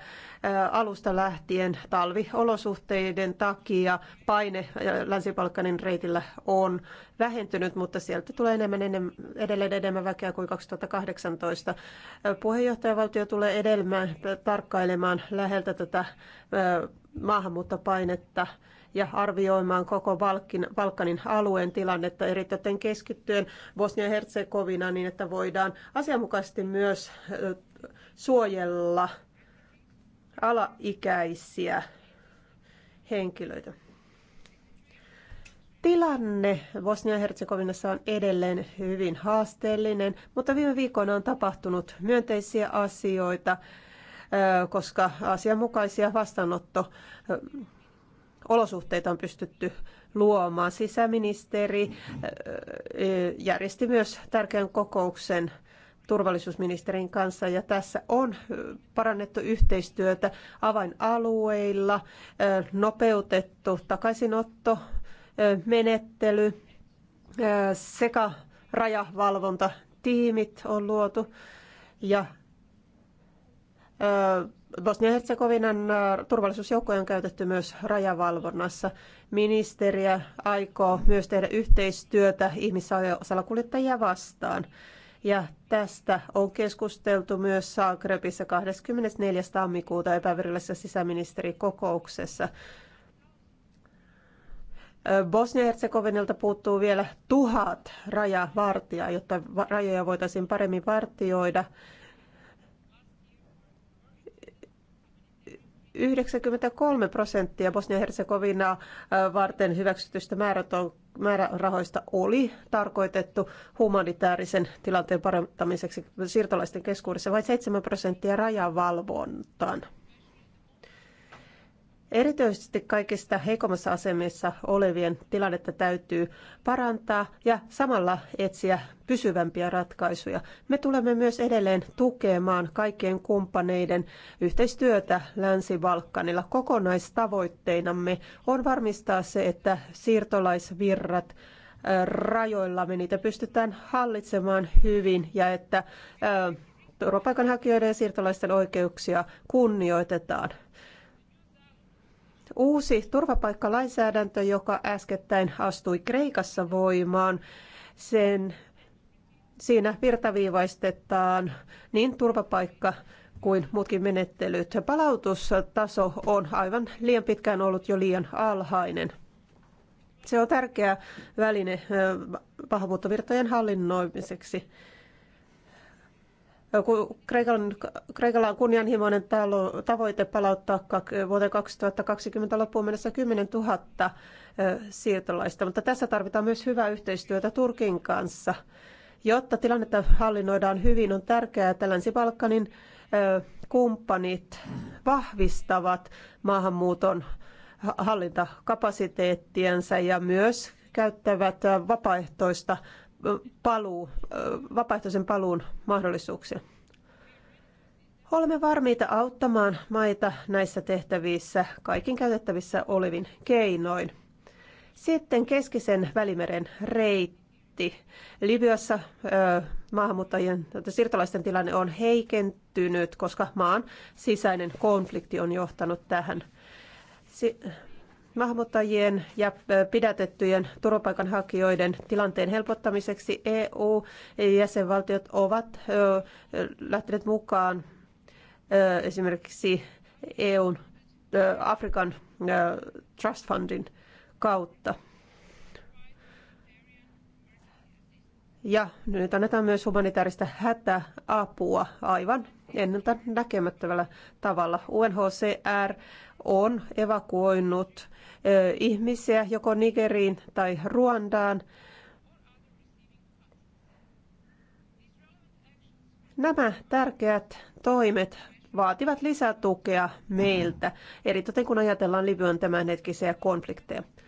Speaker 1: alusta lähtien talviolosuhteiden takia paine länsi reitillä on vähentynyt, mutta sieltä tulee enemmän, enemmän, edelleen enemmän väkeä kuin 2018. Puheenjohtajavaltio tulee edelleen tarkkailemaan läheltä tätä maahanmuuttopainetta – ja arvioimaan koko Balkin, Balkanin alueen tilannetta erityisen keskittyen Bosnia-Herzegovina niin, että voidaan asianmukaisesti myös suojella alaikäisiä henkilöitä. Tilanne Bosnia-Herzegovinassa on edelleen hyvin haasteellinen, mutta viime viikkoina on tapahtunut myönteisiä asioita, koska asianmukaisia vastaanotto olosuhteita on pystytty luomaan. Sisäministeri äh, järjesti myös tärkeän kokouksen turvallisuusministerin kanssa ja tässä on äh, parannettu yhteistyötä avainalueilla, äh, nopeutettu takaisinotto, menettely sekä rajavalvontatiimit on luotu ja Bosnia-Herzegovinan äh, turvallisuusjoukkoja on käytetty myös rajavalvonnassa. Ministeriä aikoo myös tehdä yhteistyötä ihmissalakuljettajia vastaan. Ja tästä on keskusteltu myös Saagrebissa 24. tammikuuta epävirallisessa sisäministerikokouksessa. Äh, bosnia herzegovinilta puuttuu vielä tuhat rajavartijaa, jotta rajoja voitaisiin paremmin vartioida – 93 prosenttia bosnia herzegovina äh, varten hyväksytystä määrärahoista oli tarkoitettu humanitaarisen tilanteen parantamiseksi siirtolaisten keskuudessa, vain 7 prosenttia rajavalvontaan. Erityisesti kaikista heikommassa asemissa olevien tilannetta täytyy parantaa ja samalla etsiä pysyvämpiä ratkaisuja. Me tulemme myös edelleen tukemaan kaikkien kumppaneiden yhteistyötä Länsi-Balkanilla. Kokonaistavoitteinamme on varmistaa se, että siirtolaisvirrat rajoillamme niitä pystytään hallitsemaan hyvin ja että turvapaikanhakijoiden ja siirtolaisten oikeuksia kunnioitetaan. Uusi turvapaikkalainsäädäntö, joka äskettäin astui Kreikassa voimaan, sen, siinä virtaviivaistetaan niin turvapaikka kuin muutkin menettelyt. Palautustaso on aivan liian pitkään ollut jo liian alhainen. Se on tärkeä väline vahvuuttovirtojen hallinnoimiseksi. Kreikalla on kunnianhimoinen talo, tavoite palauttaa vuoteen 2020 loppuun mennessä 10 000 siirtolaista, mutta tässä tarvitaan myös hyvää yhteistyötä Turkin kanssa. Jotta tilannetta hallinnoidaan hyvin, on tärkeää, että Länsi-Balkanin kumppanit vahvistavat maahanmuuton hallintakapasiteettiensa ja myös käyttävät vapaaehtoista paluu, vapaaehtoisen paluun mahdollisuuksia. Olemme varmiita auttamaan maita näissä tehtävissä kaikin käytettävissä olevin keinoin. Sitten keskisen välimeren reitti. Libyassa maahanmuuttajien tuota, siirtolaisten tilanne on heikentynyt, koska maan sisäinen konflikti on johtanut tähän. Maahanmuuttajien ja pidätettyjen turvapaikanhakijoiden tilanteen helpottamiseksi EU-jäsenvaltiot ovat lähteneet mukaan esimerkiksi EUn Afrikan Trust Fundin kautta. Ja nyt annetaan myös humanitaarista hätäapua aivan ennalta näkemättävällä tavalla. UNHCR on evakuoinut ihmisiä joko Nigeriin tai Ruandaan. Nämä tärkeät toimet vaativat lisätukea meiltä, eritoten kun ajatellaan Libyan tämänhetkisiä konflikteja.